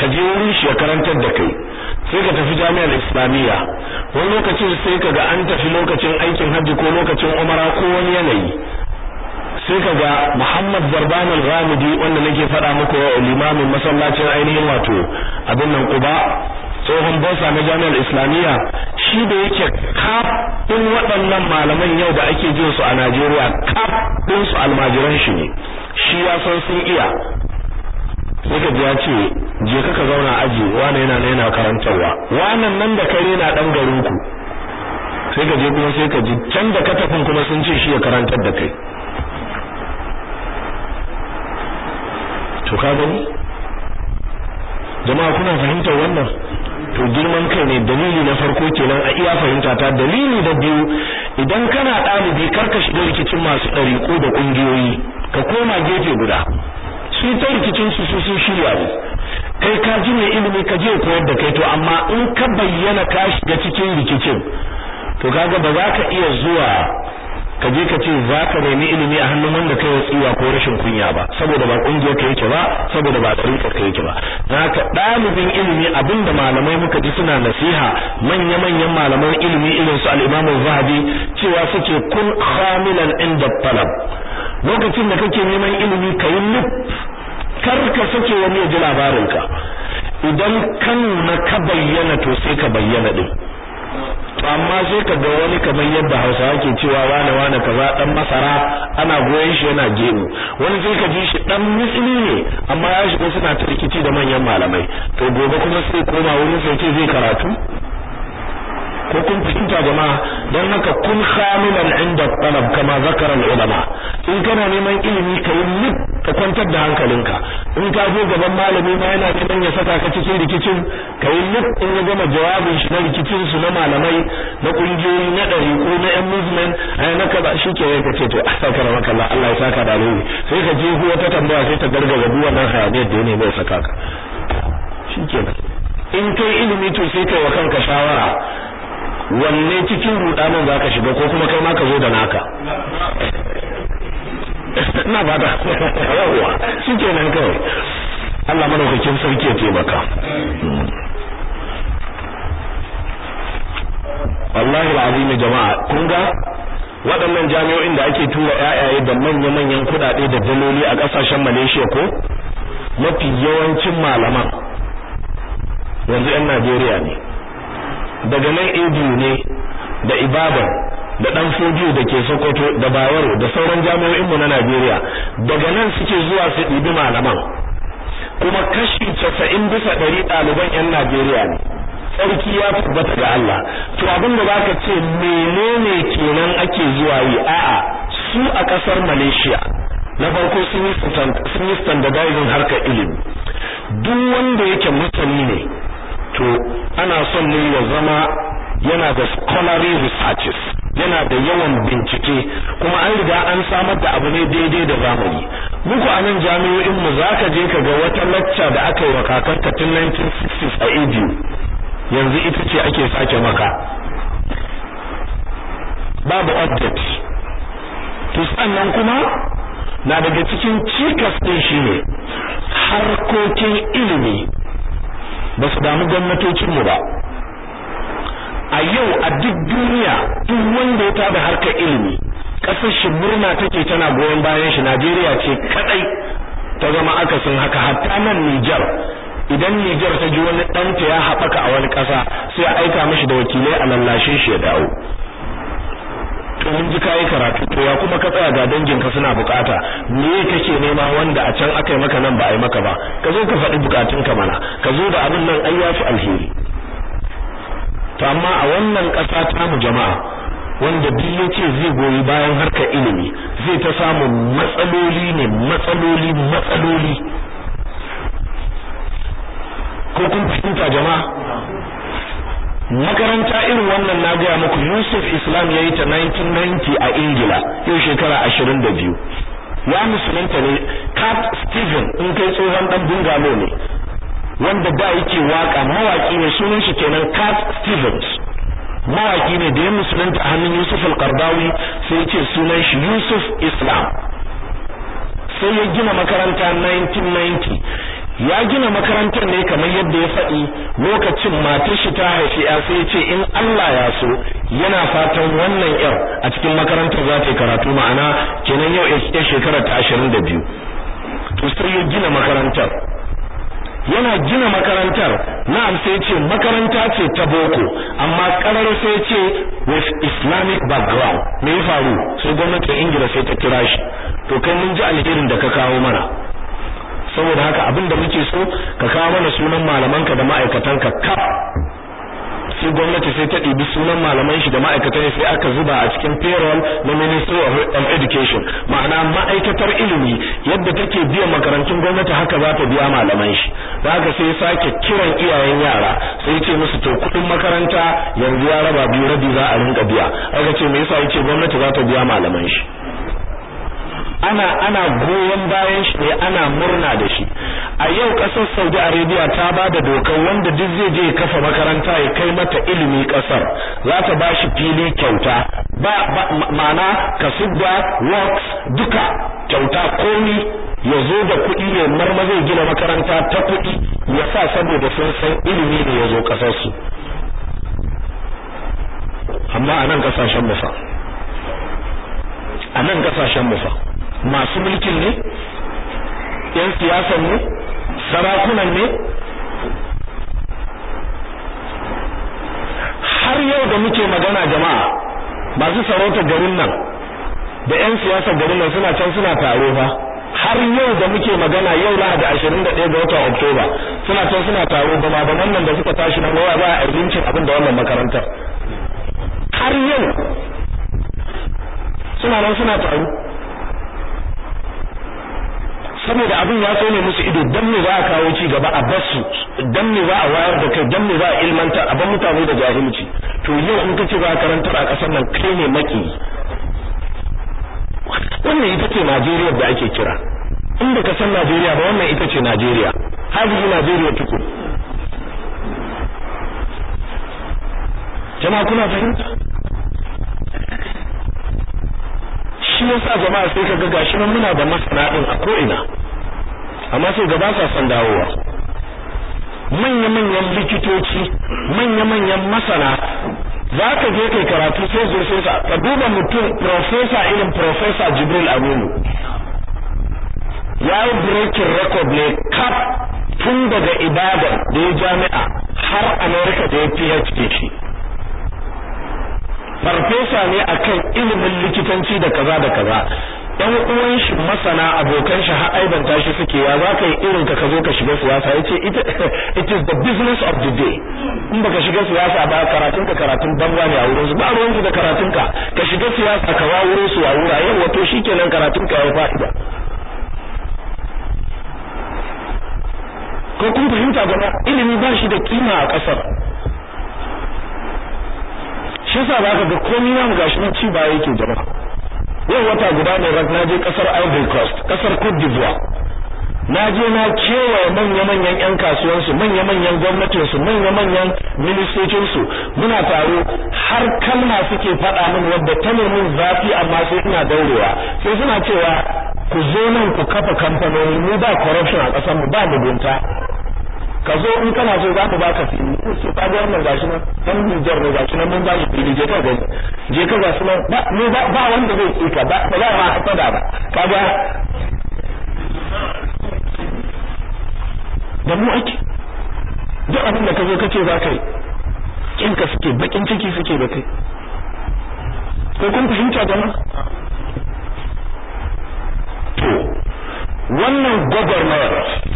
ka je wurin shi ya karantar da kai sai ka tafi jami'ar islamiyya wani lokacin sai ka ga an tafi lokacin aikin hajji ko lokacin umara ko wani yanayi sai ka ga Muhammad Zarban al-Ghamidi wanda nake faɗa muku wa limamin masallacin ainihin wato abin nan Quba tsohon bosa na jami'ar islamiyya shi da yake kafin waɗannan malaman yau da ake jin su a najeriya kafin su almajiran shi ne shi ya san sun iya suka ji ya ce je kaka zauna aji wani yana na yana karantarwa wannan nan da kare na dan garin ku sai ka je kuma sai ka ji can da katafin kuma sun ce shi ya karantar da kai to ka gani jama'a kuna fahimtar wannan to girman kai ne dalili na farko kenan a iya fahimta ta dalili da biyu idan kana ɗalibi kar ka shiga rikicin masu ko da ƙungiyoyi ka koma gefe guda su ta rikicin su su shirya ne kai ka ji mai ilimi ka je koyar da kai to amma in ka bayyana ka shiga cikin rikicin to kaga ba za ka iya zuwa ka je ka ce za ka nemi ilimi a hannun wanda kai wasiya ko rashin kunya ba saboda ba kungiyar ka yake ba saboda ba tsarikar ka yake ba Za ka ɗalibin ilimi abinda malamai muka ji suna nasiha manya manyan malaman ilimi irin su al'imamu zahabi cewa suke kun khamilan inda palam. lokacin da kake neman ilimi ka yi lub kar ka sake wani ya ji labarinka idan kan na ka bayyana to sai ka bayyana din to amma sai ka ga wani kamar yadda Hausawa ke cewa wane wane kaza dan masara ana goyen shi yana gemu wani sai ka ji shi dan musulmi ne amma ya shigo suna ta da manyan malamai to gobe kuma sai koma wurin sai ce zai karatu ko kun fahimta jama'a don haka kun khamilan inda talab kama zakara ulama in kana neman ilimi ka yi lut ka kwantar da hankalinka in ka zo gaban malami ma yana neman ya saka ka cikin rikicin ka yi lut in ya gama jawabin shi na rikicin su na malamai na kungiyoyi na ɗari ko na yan movement ai na kaza shi ke yake ce to ah, Saka maka Allah Allah ya saka da alheri sai ka je ta tambaya sai ta gargaza duwan nan hayaniyar da ne nemi saka ka shikenan in kai ilimi to sai kai wa kanka shawara wanne cikin rudanin za ka shiga ko kuma kai ma ka zo da naka Na ba da yawa shi ke nan kawai Allah madaukakin sarki ya taimaka wallahi alazim jama'a kun ga waɗannan jami'o'in da ake tura yayaye da manya-manyan kuɗaɗe da daloli a ƙasashen Malaysia ko mafi yawancin malaman yanzu 'yan Najeriya ne daga nan indiyu ne da ibadan da dan fojiyo da ke sokoto da bayero da sauran jami'o'in mu na najeriya daga nan suke zuwa su ɗibi malaman kuma kashi casa'in bisa ɗari ɗaliban 'yan najeriya ne Sarki ya tabbata ga Allah to abin da baka ce menene kenan ake zuwa yi a'a su a ƙasar Malaysia na farko sun yi standardizing harkar ilimi duk wanda yake son ne ya zama yana da scholarly researches yana da yawan bincike kuma an riga an samar da abu ne daidai da zamani muku a nan jami'o'in mu zaka je ka ga wata lacca da aka yi wa kakarta tun 1960s a Egypt yanzu ita ce ake sake maka babu object to sannan kuma na daga cikin cikas din shine harkokin ilimi ba su damu gwamnatocinmu ba a yau a duk duniya duk wanda ya tada harkar ilimi kasar shi murna take tana goyon bayan shi Najeriya ce kadai ta zama aka sun haka hatta nan nijar idan nijar ta ji wani ɗanta ya haɓaka a wani ƙasa sai a aika mishi da wakilai a lallashe shi ya dawo to mun ji kayi karatu to ya kuma ka tsaya ga dangin ka suna bukata me kake nema wanda a can aka yi maka nan ba a yi maka ba ka zo ka faɗi bukatun ka mana ka zo da abin nan ai yafi alheri to amma a wannan ƙasa ta mu jama'a wanda duk yace zai goyi bayan harka ilimi zai ta samun matsaloli ne matsaloli matsaloli ko kun fahimta jama'a makaranta irin wannan na gaya muku Yusuf Islam ya yi ta 1990 a Ingila yau shekara 22 ya musulunta ne kat Stephen in kai tsohon ɗan bungalo ne wanda da yake waka mawaki ne sunan shi kenan Cat Stevens mawaki ne da ya musulunta a hannun Yusuf al-Qardawi sai yace sunan shi Yusuf Islam sai ya gina makaranta 1990 ya gina makarantar ne kamar yadda ya faɗi lokacin matar shi ta haifi ya sai ce in Allah ya so yana fatan wannan 'yar a cikin makarantar za ta yi karatu ma'ana kenan yau ya shekara ta 22 to sai ya gina makarantar yana gina makarantar na'am sai ce makaranta ce ta boko amma karar sai ce with islamic background me ya faru sai gwamnatin ingila sai ta kira shi to kai mun ji alherin da ka kawo mana saboda haka abin da muke so ka kawo mana sunan malamanka da ma'aikatanka kaf sai gwamnati sai ta ɗibi sunan malaman shi da ma'aikatan sai aka zuba a cikin payroll na ministry of education ma'ana ma'aikatar ilimi yadda take biyan makarantun gwamnati haka za ta biya malaman shi da haka sai sake kiran iyayen yara sai ce musu to kuɗin makaranta yanzu ya raba biyu rabi za a rinka biya aka ce me yasa yace gwamnati za ta biya malaman shi ana ana goyon bayan shi ne ana murna da shi a yau kasar Saudi Arabia ta ba da dokar wanda duk zai je kafa makaranta ya kai mata ilimi kasar za ta ba shi fili kyauta ba, ba ma'ana kasuba works duka kyauta komi ya zo da kuɗi ne marma zai gina makaranta ta kuɗi ya sa saboda sun san ilimi ne ya zo su amma a nan kasashen musa a masu mulkin ne yan siyasan ne sarakunan ne har yau da muke magana jama'a masu sarauta garin nan da yan siyasa garin nan suna can suna taro fa har yau da muke magana yau lahadi ɗaya ga watan oktoba suna can suna taro ba ma da wannan da suka tashi nan waya ba a abincin abin da wannan makarantar har yau suna nan suna taro saboda abin ya ne musu ido dan me za a kawo ci gaba a basu dan me za a wayar da kai dan me za a ilmanta a ban mutane da jahilci to yau in kace ba karanta a kasar nan kai ne maki wannan ita ce Najeriya da ake kira in da san Najeriya ba wannan ita ce Najeriya hazihi Najeriya tukun jama'a kuna fahimta shi sa jama'a sai kaga gashi nan muna da masana din a ko ina amma sai ga ba sa son dawowa manya-manyan likitoci manya-manyan masana za ka je kai karatu sai zo sai sa ka duba mutum professor irin professor Jibril Aminu ya yi breaking record ne kaf tun daga ibadan da jami'a har America da ya PhD farfesa ne akan ilimin likitanci da kaza da kaza ɗan uwan shi masana abokan shi har aibanta shi suke ya za ka yi irin ka ka zo ka shiga siyasa yace it is the business of the day in baka shiga siyasa ba karatun ka karatun banza ne a wurin su ba ruwan su da karatun ka ka shiga siyasa ka wa wurin su a yau wato shikenan karatun ka ya ba. ko kun fahimta gaba ilimi ba shi da kima a kasar shi yasa za ka ga komai na gashi nan ci ba yake jama'a yau wata guda ne rak na je kasar Ivory Coast kasar Cote d'Ivoire na je na cewa manya-manyan 'yan kasuwansu manya-manyan su manya-manyan su muna taro har kalma suke fada min wadda ta min zafi amma sai ina daurewa sai suna cewa ku zo nan ku kafa kamfanoni mu ba corruption a ƙasar mu ba mugunta ka zo in kana so za mu baka fili ko ce ka ga wannan gashi nan dan jar ne gashi nan mun ba shi fili je ka ga je ka gashi nan ba ne ba wanda zai tsika ba ba za ma hasada ba ka ga. da mu ake duk abin da ka zo kace za ka yi kin ka suke bakin ciki suke da kai ko kun fahimta jama'a to wannan gwagwarmayar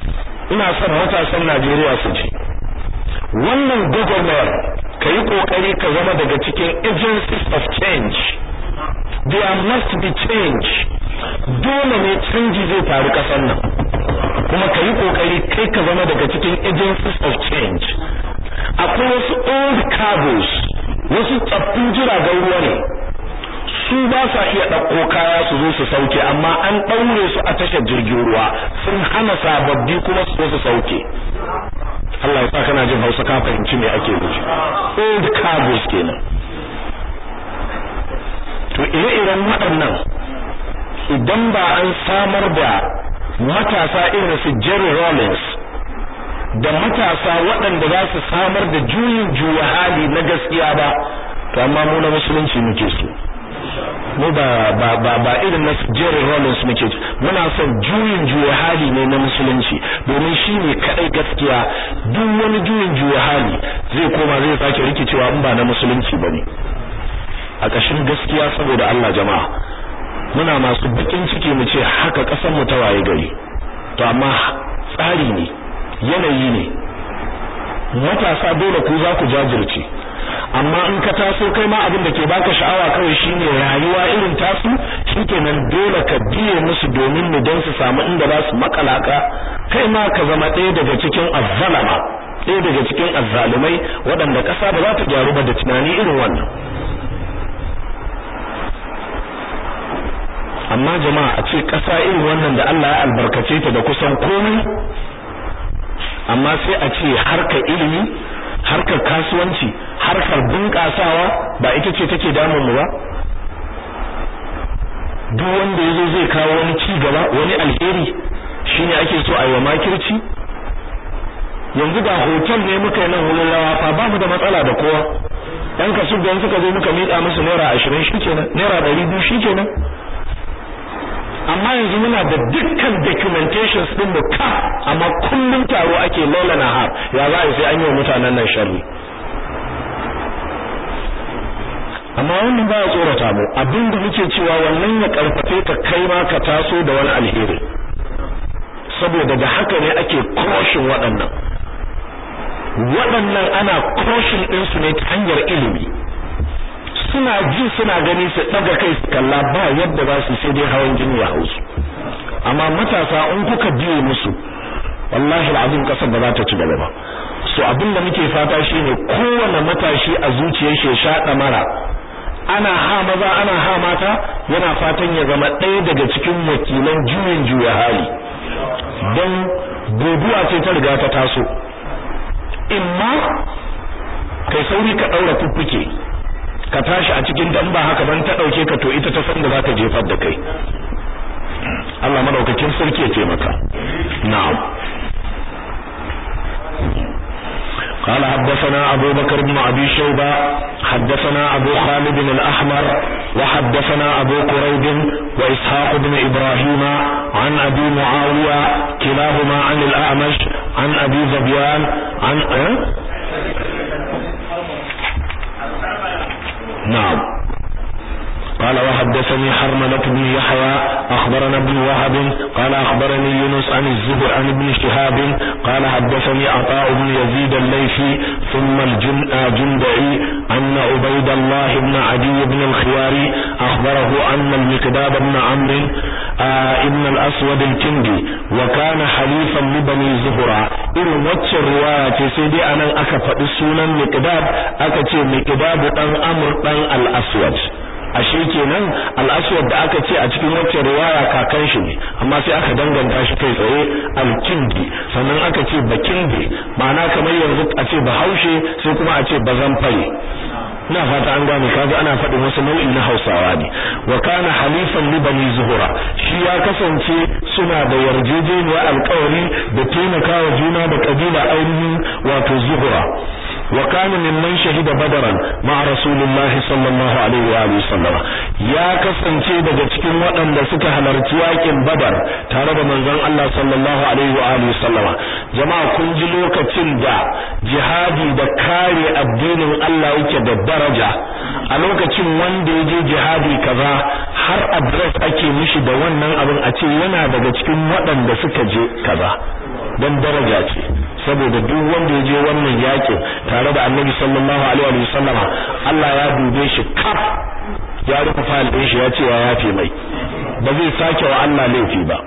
ina son matasan Najeriya su ci wannan gwagwarmayar ka yi kokari ka zama daga cikin agencies of change there must be change dole ne canji zai faru kasan nan kuma ka yi kokari kai ka zama daga cikin agencies of change akwai wasu old cargoes wasu tsaffin jiragen ruwa ne su ba sa iya ɗauko kaya su zo su sauke amma an ɗaure su a tashar jirgin ruwa sun hana sababbi kuma su zo su sauke Allah ya sa kana jin Hausa ka fahimci me ake nufi old cargoes kenan to ire-iren waɗannan idan ba an samar da matasa irin su Jerry Rawlings da matasa waɗanda za su samar da juyin juya hali na gaskiya ba to amma mu na musulunci muke so mu ba ba ba ba irin na Jerry Rollins muke muna son juyin juya hali ne na musulunci domin shi ne kadai gaskiya duk wani juyin juya hali zai koma zai sake rikicewa in ba na musulunci ba ne. a ƙashin gaskiya saboda Allah jama'a muna masu bikin ciki mu ce haka ƙasar mu ta waye gari to amma tsari ne yanayi ne matasa dole ku za ku jajirce amma in ka taso kai ma abin da ke baka sha'awa kawai shine rayuwa irin tasu shikenan dole ka biye musu domin ne don su samu inda za su makalaka kai ma ka zama ɗaya daga cikin azzalama ɗaya daga cikin azzalumai waɗanda ƙasa ba za ta gyaru ba da tunani irin wannan amma jama'a a ce ƙasa irin wannan da Allah ya albarkace ta da kusan komai amma sai a ce harka ilimi harkar kasuwanci harkar bunƙasawa ba ita ce take damun mu ba duk wanda yazo zai kawo wani ci gaba wani alheri shine ake so a yi wa makirci yanzu ga hoton ne muka yi nan wurin rawa fa ba mu da matsala da kowa dan kasu don suka zo muka miƙa musu naira 20 shikenan naira 200 shikenan amma yanzu muna da dukkan documentations din mu ka amma kullun taro ake lola na har ya za a sai an yi wa mutanen nan sharri amma wannan ba ya tsorata mu abinda muke cewa wannan ya karfafe ka kai ma ka taso da wani alheri saboda da haka ne ake crushing waɗannan waɗannan ana crushing su ne ta hanyar ilimi suna ji suna gani su daga kai su kalla ba yadda za su sai dai hawan jini ya hausu amma matasa in kuka biye musu wallahi alazim kasar ba za ta ci gaba ba so abin da muke fata shine kowane matashi a zuciyar shi sha mara ana ha maza ana ha mata yana fatan ya zama ɗaya daga cikin wakilan juyin juya hali don guguwa ce ta riga ta taso imma kai sauri ka ɗaura fuffuke ka tashi a cikin dan ba haka ban ta dauke ka to ita ta san da za ta jefar da kai Allah madaukakin sarki ya taimaka na'am قال حدثنا أبو بكر بن أبي شيبة حدثنا أبو خالد الأحمر وحدثنا أبو قريب وإسحاق بن إبراهيم عن أبي معاوية كلاهما عن الأعمش عن أبي زبيان عن أه؟ na. قال وحدثني حرملة بن يحيى أخبرنا ابن وهب قال أخبرني يونس عن الزهر عن ابن شهاب قال حدثني عطاء بن يزيد الليثي ثم الجندعي آه، أن عبيد الله بن عدي بن الخياري أخبره أن المقداد بن عمرو آه ابن الأسود الكندي وكان حليفا لبني زهرة إن وجه الرواية سيدي أنا أكفأ السنن مقداد أكتب مقداد أن أمر أن الأسود ashe kenan al da aka ce a cikin wacce riwaya kakan shi ne amma sai aka danganta shi kai tsaye al-kindi sannan aka ce bakindi ma'ana kamar yanzu a ce bahaushe sai kuma a ce fari. ina fata an gane kaga ana faɗin wasu nau'in na Hausawa ne wa kana halifan li bani zuhura shi ya kasance suna da yarjejeniya alƙawari da taimakawa juna da kabila ainihin wato zuhura wa kana mimman shahida badaran ma rasulullahi sallallahu alaihi wa sallama ya kasance daga cikin waɗanda suka halarci yakin badar tare da manzon Allah sallallahu alaihi wa alihi sallama jama'a kun ji lokacin da jihadi da kare addinin Allah yake da daraja a lokacin wanda ya je jihadi kaza har address ake mishi da wannan abin a ce yana daga cikin waɗanda suka je kaza don daraja ce saboda duk wanda ya je wannan yakin tare da annabi sallallahu alaihi wasallam Allah ya dube shi kaf ya rufe fayil din shi ya ce ya yafe mai ba zai sake wa Allah laifi ba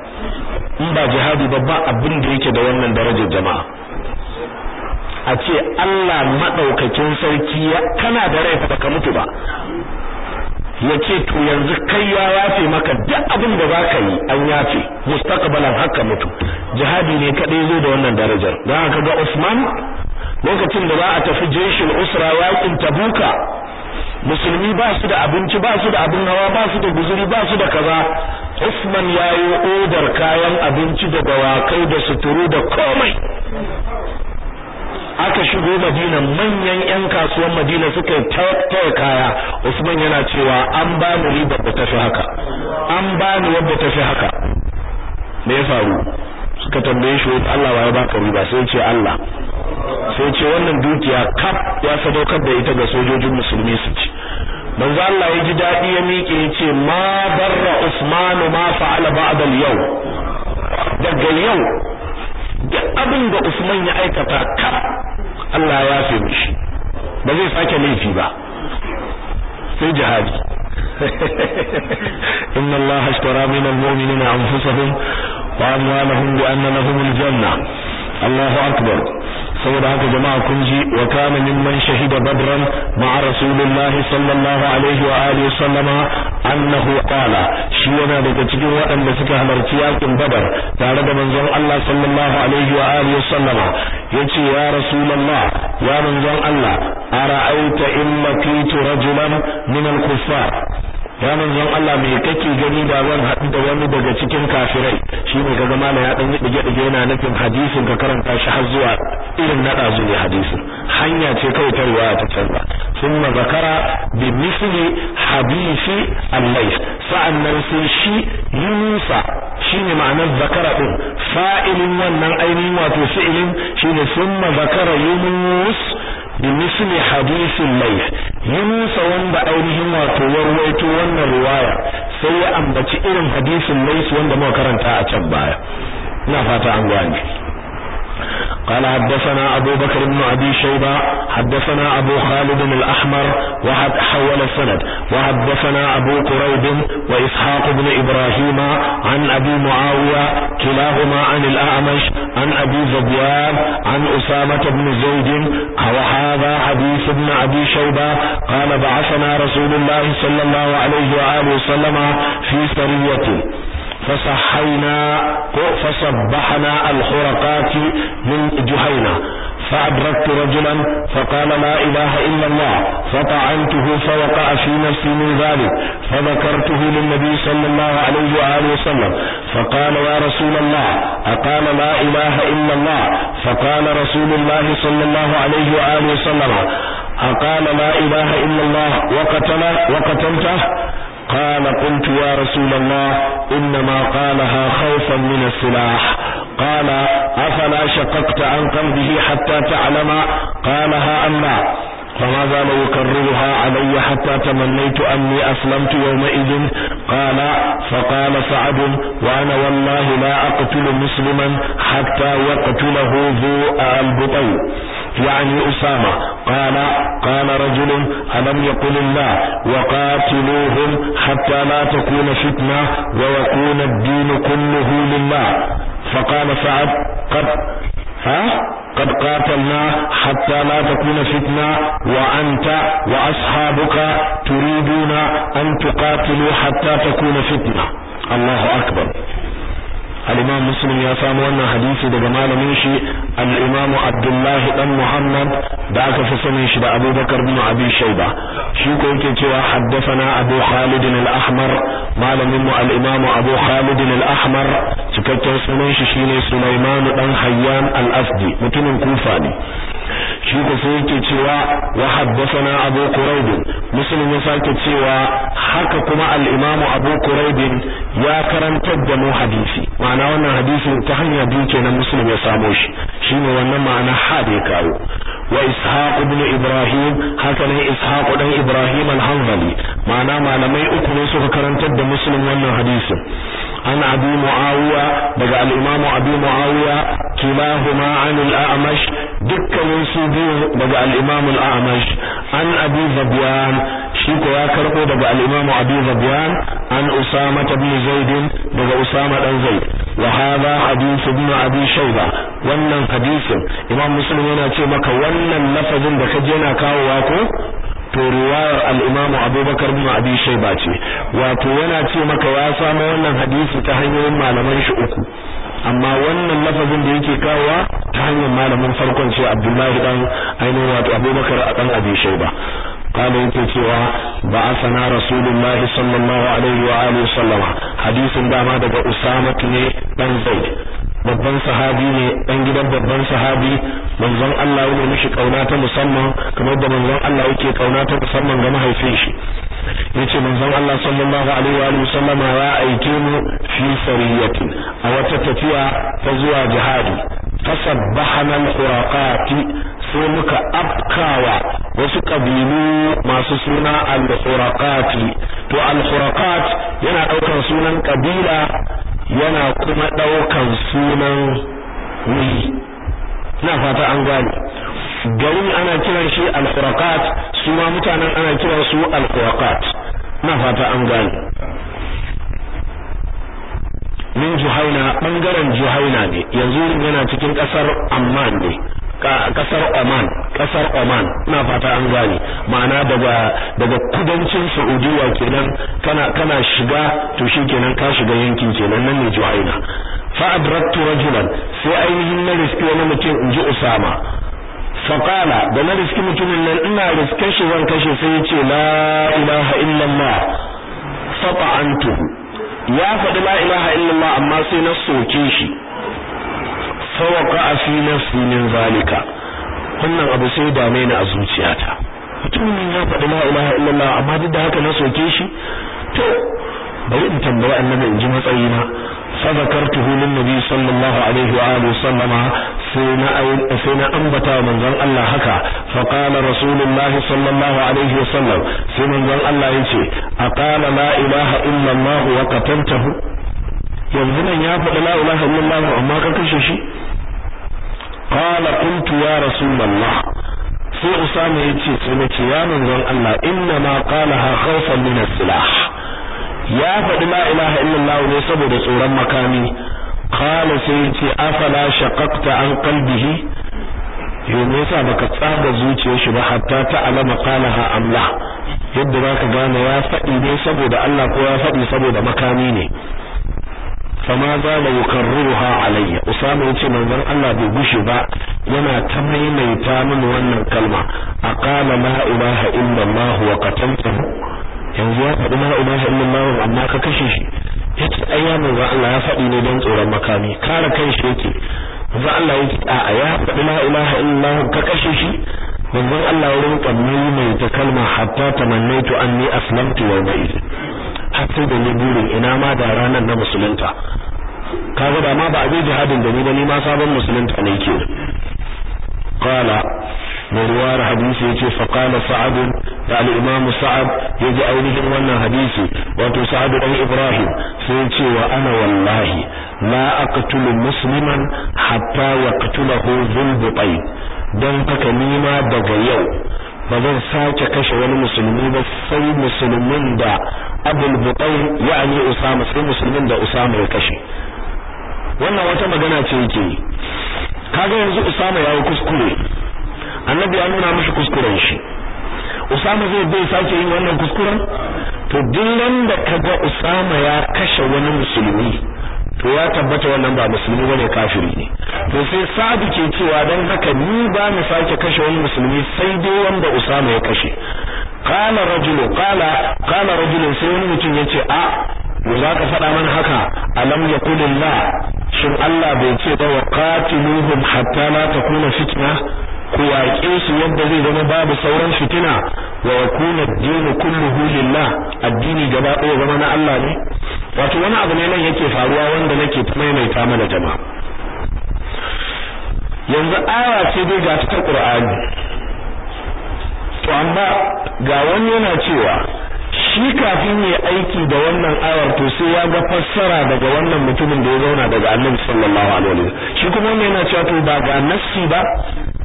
in ba jihadi babba ba abin da yake da wannan darajar jama'a a ce Allah madaukakin sarki kana da rai ba ka mutu ba ya ce to yanzu kai ya yafe maka duk abin da za ka yi an yafe mustaqbalan haka mutu jihadi ne kadai zo da wannan darajar dan haka ga Usman lokacin da za a tafi jeshin usra yakin tabuka musulmi ba su da abinci ba su da abin hawa ba su da guzuri ba su da kaza Usman ya odar kayan abinci da dawakai da suturu da komai aka shigo madina manyan yan kasuwan madina suka taya kaya usman yana cewa an ba mu riba da tafi haka an ba ni wadda tafi haka me ya faru suka tambaye shi Allah waye baka riba sai ya ce Allah sai ya ce wannan dukiya kaf ya sadaukar da ita ga sojojin musulmi su ci manzo Allah ya ji dadi ya miƙe ya ce ma barra usman ma fa'ala ba'da al-yau daga yau duk abin da Usman ya aikata ka Allah ya yafe mishi ba zai sake laifi ba sai jihadi inna Allah ashtara min al-mu'minina anfusahum wa amwalahum bi anna lahum al-janna Allahu akbar saboda haka jama'a kun ji wa kana mimman shahida badran ma'a rasulillahi sallallahu alaihi wa alihi sallama annahu qala shi yana daga cikin waɗanda suka halarci yakin badar tare da manzon Allah sallallahu alaihi wa alihi sallama yace ya rasulullah ya manzon Allah ara'aita in makitu rajulan min al-kuffar ya manzon Allah me kake gani da zan haɗu da wani daga cikin kafirai shine kaga zama ya dan dige ɗige yana nufin hadisin ka karanta shi har zuwa irin naɗa dazu ne hadisin hanya ce kawai ta riwaya ta canza thumma zakara bi misli hadisi al sa'an sa'annan sai shi yunusa shine ma'anar zakara ɗin fa'ilin wannan ainihin wato fi'ilin shine thumma zakara yunus bi ne hadisin laif yunusa wanda ainihin wato warwaito wannan riwaya sai ya ambaci irin hadisin laif wanda muka karanta a can baya ina fata an gane قال حدثنا أبو بكر بن أبي شيبة حدثنا أبو خالد الأحمر وحد حول السند وحدثنا أبو قريب وإسحاق بن إبراهيم عن أبي معاوية كلاهما عن الأعمش عن أبي زبيان عن أسامة بن زيد وهذا حديث ابن أبي شيبة قال بعثنا رسول الله صلى الله عليه وآله وسلم في سريته فصحينا فصبحنا الخرقات من جهينة فأدركت رجلا فقال لا إله إلا الله فطعنته فوقع في نفسي من ذلك فذكرته للنبي صلى الله عليه وآله وسلم فقال يا رسول الله أقال لا إله إلا الله فقال رسول الله صلى الله عليه وآله وسلم أقال لا إله إلا الله وقتل وقتلته قال قلت يا رسول الله إنما قالها خوفا من السلاح قال أفلا شققت عن قلبه حتى تعلم قالها أم لا فما زال يكررها علي حتى تمنيت أني أسلمت يومئذ قال فقال سعد وأنا والله لا أقتل مسلما حتى يقتله ذو البطيء يعني أسامة قال قال رجل ألم يقل الله وقاتلوهم حتى لا تكون فتنة ويكون الدين كله لله فقال سعد قد ها قد قاتلنا حتى لا تكون فتنة وأنت وأصحابك تريدون أن تقاتلوا حتى تكون فتنة الله أكبر al musulun ya samu wannan hadisi daga malamin shi al abdullahi dan muhammad da aka fi sanin shi da abubakar bin abi shayba shi ko yake cewa haddathana abu khalid al-ahmar malamin mu abu khalid al-ahmar cikakken sunan shi shine sulaimanu dan hayyan al-afdi mutumin kufa ne shi ko sai yake cewa wa haddathana abu quraib muslim ya sake cewa haka kuma al-imam abu quraib ya karantar da mu hadisi ma'ana wannan hadisin ta hanyar biyu kenan muslim ya samo shi shine wannan ma'ana ha da ya kawo wa ishaq ibn ibrahim haka ne ishaq dan ibrahim al-hanbali ma'ana malamai uku ne suka karantar da muslim wannan hadisin an abi muawiya daga al-imamu abi muawiya kilahuma an al-a'mash dukkanin su biyu daga al-imamu al-a'mash an abi zabyan shi ko ya karbo daga al-imamu abi zabyan an usama ibn zaid daga usama abi wannan hadisin imam muslim yana ce maka wannan lafazin da kaje yana kawowa ko to riwayar al Abubakar bin Abi ce wato yana ce maka ya samu wannan hadisi ta hanyoyin malaman shi uku amma wannan lafazin da yake kawowa ta hanyar malamin farkon ce Abdullahi dan ainihin wato Abubakar dan Abi قال yake cewa بعثنا رسول الله صلى الله wa alihi وسلم hadisin dama daga أسامة ne dan babban sahabi ne dan gidan babban sahabi manzon Allah ya mishi kauna ta musamman kamar da manzon Allah yake kauna ta musamman ga mahaifin shi yace manzon Allah sallallahu alaihi wa alihi sallama ya aike mu fi sariyati a wata tafiya ta zuwa jihadi fasabbahana alquraqati khuraqati sai muka afkawa wasu kabilu masu suna al-khuraqati to al-khuraqat yana daukan sunan kabila yana kuma daukan sunan wuri ina fata an gane gari ana kiran shi al-khuraqat su ma mutanen ana kiran su al-khuraqat ina fata an gane min juhaina bangaren juhaina ne yanzu yana cikin kasar amman ne kasar Oman kasar Oman ina fata an gane ma'ana daga daga kudancin Saudiya kenan kana kana shiga to kenan ka shiga yankin kenan nan ne Juhaina fa adraktu rajulan sai ainihin na riski wani mutum in ji Usama faƙala da na riski mutumin nan ina riske shi zan kashe sai ya ce la ilaha illallah fata'antuhu ya faɗi la ilaha illallah amma sai na soke shi fawaka a fi nafsi min zalika wannan abu sai dame ni a zuciyata mutumin ya faɗi la ilaha illallah amma duk da haka na soke shi to bari in tambayi annabi in ji matsayi na fa zakartuhu lin nabi sallallahu alaihi wa alihi sallama sai na sai na ambata manzon Allah haka fa qala rasulullahi sallallahu alaihi wa sallam sai manzon Allah yace aqala la ilaha illallah wa qatantahu yanzu nan ya faɗi la ilaha illallah amma ka kashe shi qala qultu ya rasulullah sai usama yace sai nace ya manzon Allah inna ma qalaha khawfan min sila ya faɗi la ilaha illallah ne saboda tsoron makami qala sai yace afala shaqaqta an qalbihi yau me yasa baka tsaga zuciyar shi ba hatta ta alama qalaha amla yadda zaka gane ya faɗi ne saboda Allah ko ya faɗi saboda makami ne fama za la yukarruha alayya usama yace manzon Allah bai gushe ba yana ta maimaita min wannan kalma aqala la ilaha illa Allah wa qataltahu yanzu ya faɗi la ilaha illa Allah amma ka kashe shi yace ai ya manzon Allah ya faɗi ne don tsoron makami kare kan shi yake manzon Allah yake a'a ya faɗi la ilaha illa Allah ka kashe shi manzon Allah ya rinka maimaita kalma hatta tamannaitu anni aslamtu wa ba'i har da ni burin ina ma da ranar na musulunta kaga da ma ba a zai jihadin da ni ba ni ma sabon musulunta ne ke qala ruwar hadisi ya ce faƙala sa'adun da al'imamu sa'ad sa'ad ji ainihin wannan hadisi wato sa'adu dan ibrahim sai ce wa ana wallahi la aqtulu musliman hatta yaqtulahu dhul dan haka ni ma daga yau ba zan sake kashe wani musulmi ba sai musulmin da abul ya ya'ani usama sai musulmin da usama ya kashe wannan wata magana ce yake kaga yanzu usama ya yi kuskure annabi ya nuna mishi kuskuren shi usama zai bai sake yin wannan kuskuren to duk da kaga usama ya kashe wani musulmi to ya tabbata wannan ba musulmi bane kafiri ne to sai sabu ke cewa dan haka ni ba mu sake kashe wani musulmi sai dai wanda usama ya kashe qala sai wani mutum yace a wa za ka faɗa mana haka alam yaqulillah shin Allah bai ce ba wa qatiluhum hatta la takuna fitna ku yaƙe su yadda zai zama babu sauran fitina wa yakuna ad-dinu kulluhu lillah addini gaba ɗaya zama na Allah ne wato wani abu ne nan yake faruwa wanda nake ta maimaita mana jama'a yanzu aya ce dai ga ta Qur'ani to amma ga wani yana cewa shi kafin ya aiki da wannan ayar to sai ya ga fassara daga wannan mutumin da ya zauna daga Annabi sallallahu alaihi wasallam shi kuma wannan yana cewa to ba ga nassi ba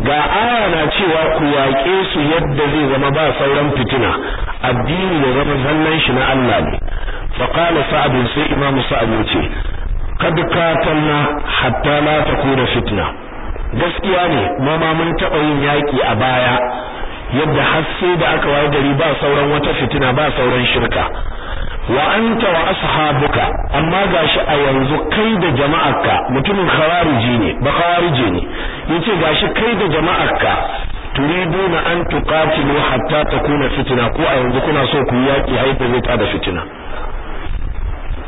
ga aya na cewa ku yaƙe su yadda zai zama ba sauran fitina addini da zama zallan shi na Allah ne fa qala sa'd sai imam sa'd ya ce kad qatalna hatta la takuna fitna gaskiya ne mu ma mun taɓa yin yaƙi a baya yadda har sai da aka waye gari ba sauran wata fitina ba sauran shirka wa anta wa ashabuka amma gashi a yanzu kai da jama'arka mutumin khawariji ne ba khawariji ne yace gashi kai da jama'arka turiduna an tuqatilu hatta takuna fitina ko a yanzu kuna so ku yaki haifa zai ta da fitina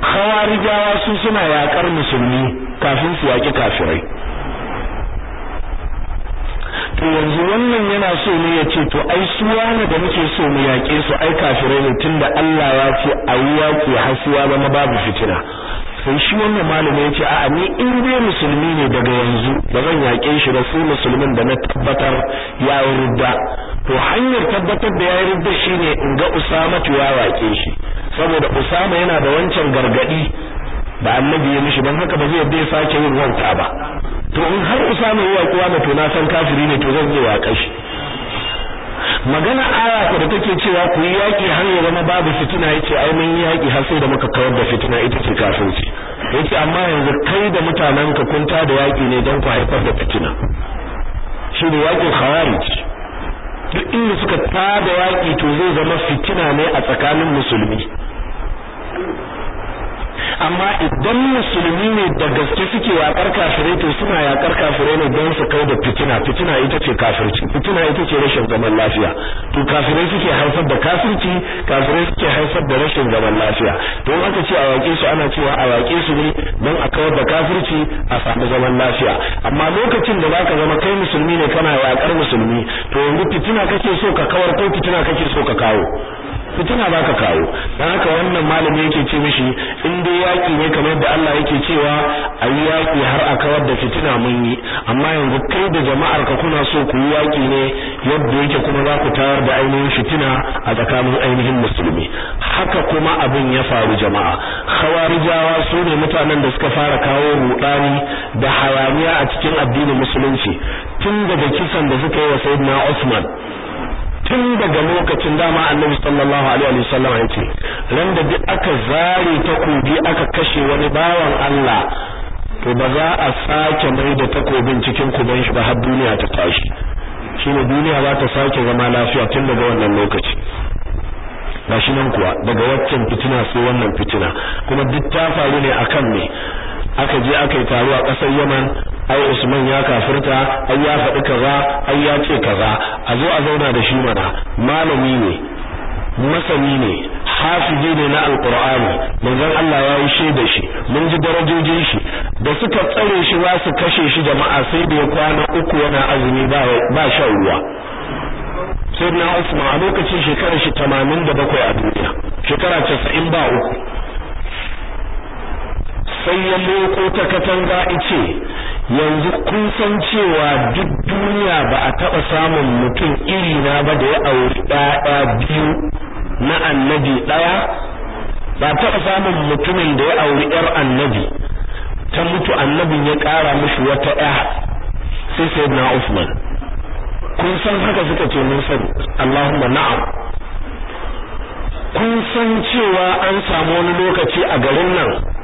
khawarijawa su suna yakar musulmi kafin su yaki kafirai to yanzu wannan yana so ne ya ce to ai su wani da muke so mu yaƙe su ai kafirai ne tunda Allah ya ce a yi har zama babu fitina sai shi wannan malamin ya ce a'a ni in dai musulmi ne daga yanzu ba zan yaƙe shi ba sai musulmin da na tabbatar ya yi rudda to hanyar tabbatar da ya yi rudda shine in ga Usama ya waƙe shi saboda Usama yana da wancan gargadi ba annabi ya mishi ban haka ba zai ya sake yin wauta ba to in har usama ya kuwa da to na san kafiri ne to zan yi waƙa shi magana aya ko da take cewa ku yi yaƙi har ya zama babu fitina yace ai mun yi yaƙi har sai da muka kawar da fitina ita ce kafirci yace amma yanzu kai da mutanenka kun ta da yaƙi ne don ku haifar da fitina shi ne yaƙin khawarij duk inda suka ta da yaki to zai zama fitina ne a tsakanin musulmi amma idan musulmi ne da gaske suke yakar kafirai to suna yakar kafirai ne don su kai da fitina fitina ita ce kafirci fitina ita ce rashin zaman lafiya to kafirai suke haifar da kafirci kafirai suke haifar da rashin zaman lafiya to aka ce a yaƙe su ana cewa a yaƙe su ne don a kawar da kafirci a samu zaman lafiya amma lokacin da zaka zama kai musulmi ne kana yakar musulmi to yanzu fitina kake so ka kawar ko fitina kake so ka kawo fitina ba ka kawo don haka wannan malami yake ce mishi in dai yaƙi ne kamar da Allah yake cewa a yi yaƙi har a kawar da fitina mun yi amma yanzu kai da jama'ar ka kuna so ku yi yaƙi ne yadda yake kuma za ku tayar da ainihin fitina a tsakanin ainihin musulmi haka kuma abin ya faru jama'a khawarijawa su ne mutanen da suka fara kawo rudani da hayaniya a cikin addinin musulunci tun daga kisan da suka yi wa sayyidina Usman tun daga lokacin dama annabi sallallahu alaihi wasallam ya ce ran da duk aka zare takobi aka kashe wani bawan Allah to ba za a sake mai da takobin cikin kuban shi ba har duniya ta tashi shine duniya za ta sake zama lafiya tun daga wannan lokaci gashi nan kuwa daga waccan fitina sai wannan fitina kuma duk ta faru ne akan me aka je aka yi taro a ƙasar Yaman ai Usman ya kafirta ai ya faɗi kaza ai ya ce kaza a zo a zauna da shi mana malami ne masani ne hafizi ne na alqur'ani manzon Allah ya yi da shi mun ji darajojin shi da suka tsare shi ba su kashe shi jama'a sai da ya kwana uku yana azumi ba ba shan ruwa sai na Usman a lokacin shekarar shi 87 a duniya shekara 90 ba uku sai ya ta katanga ice yanzu kun san cewa duk duniya ba a taɓa samun mutum iri na ba da ya auri ɗaya biyu na annabi ɗaya ba a taɓa samun mutumin da ya auri ‘yar annabi ta mutu annabin ya ƙara mishi wata ‘ya sai sai na Usman kun san haka suka ce mun sani Allahumma na'am kun san cewa an samu wani lokaci a garin nan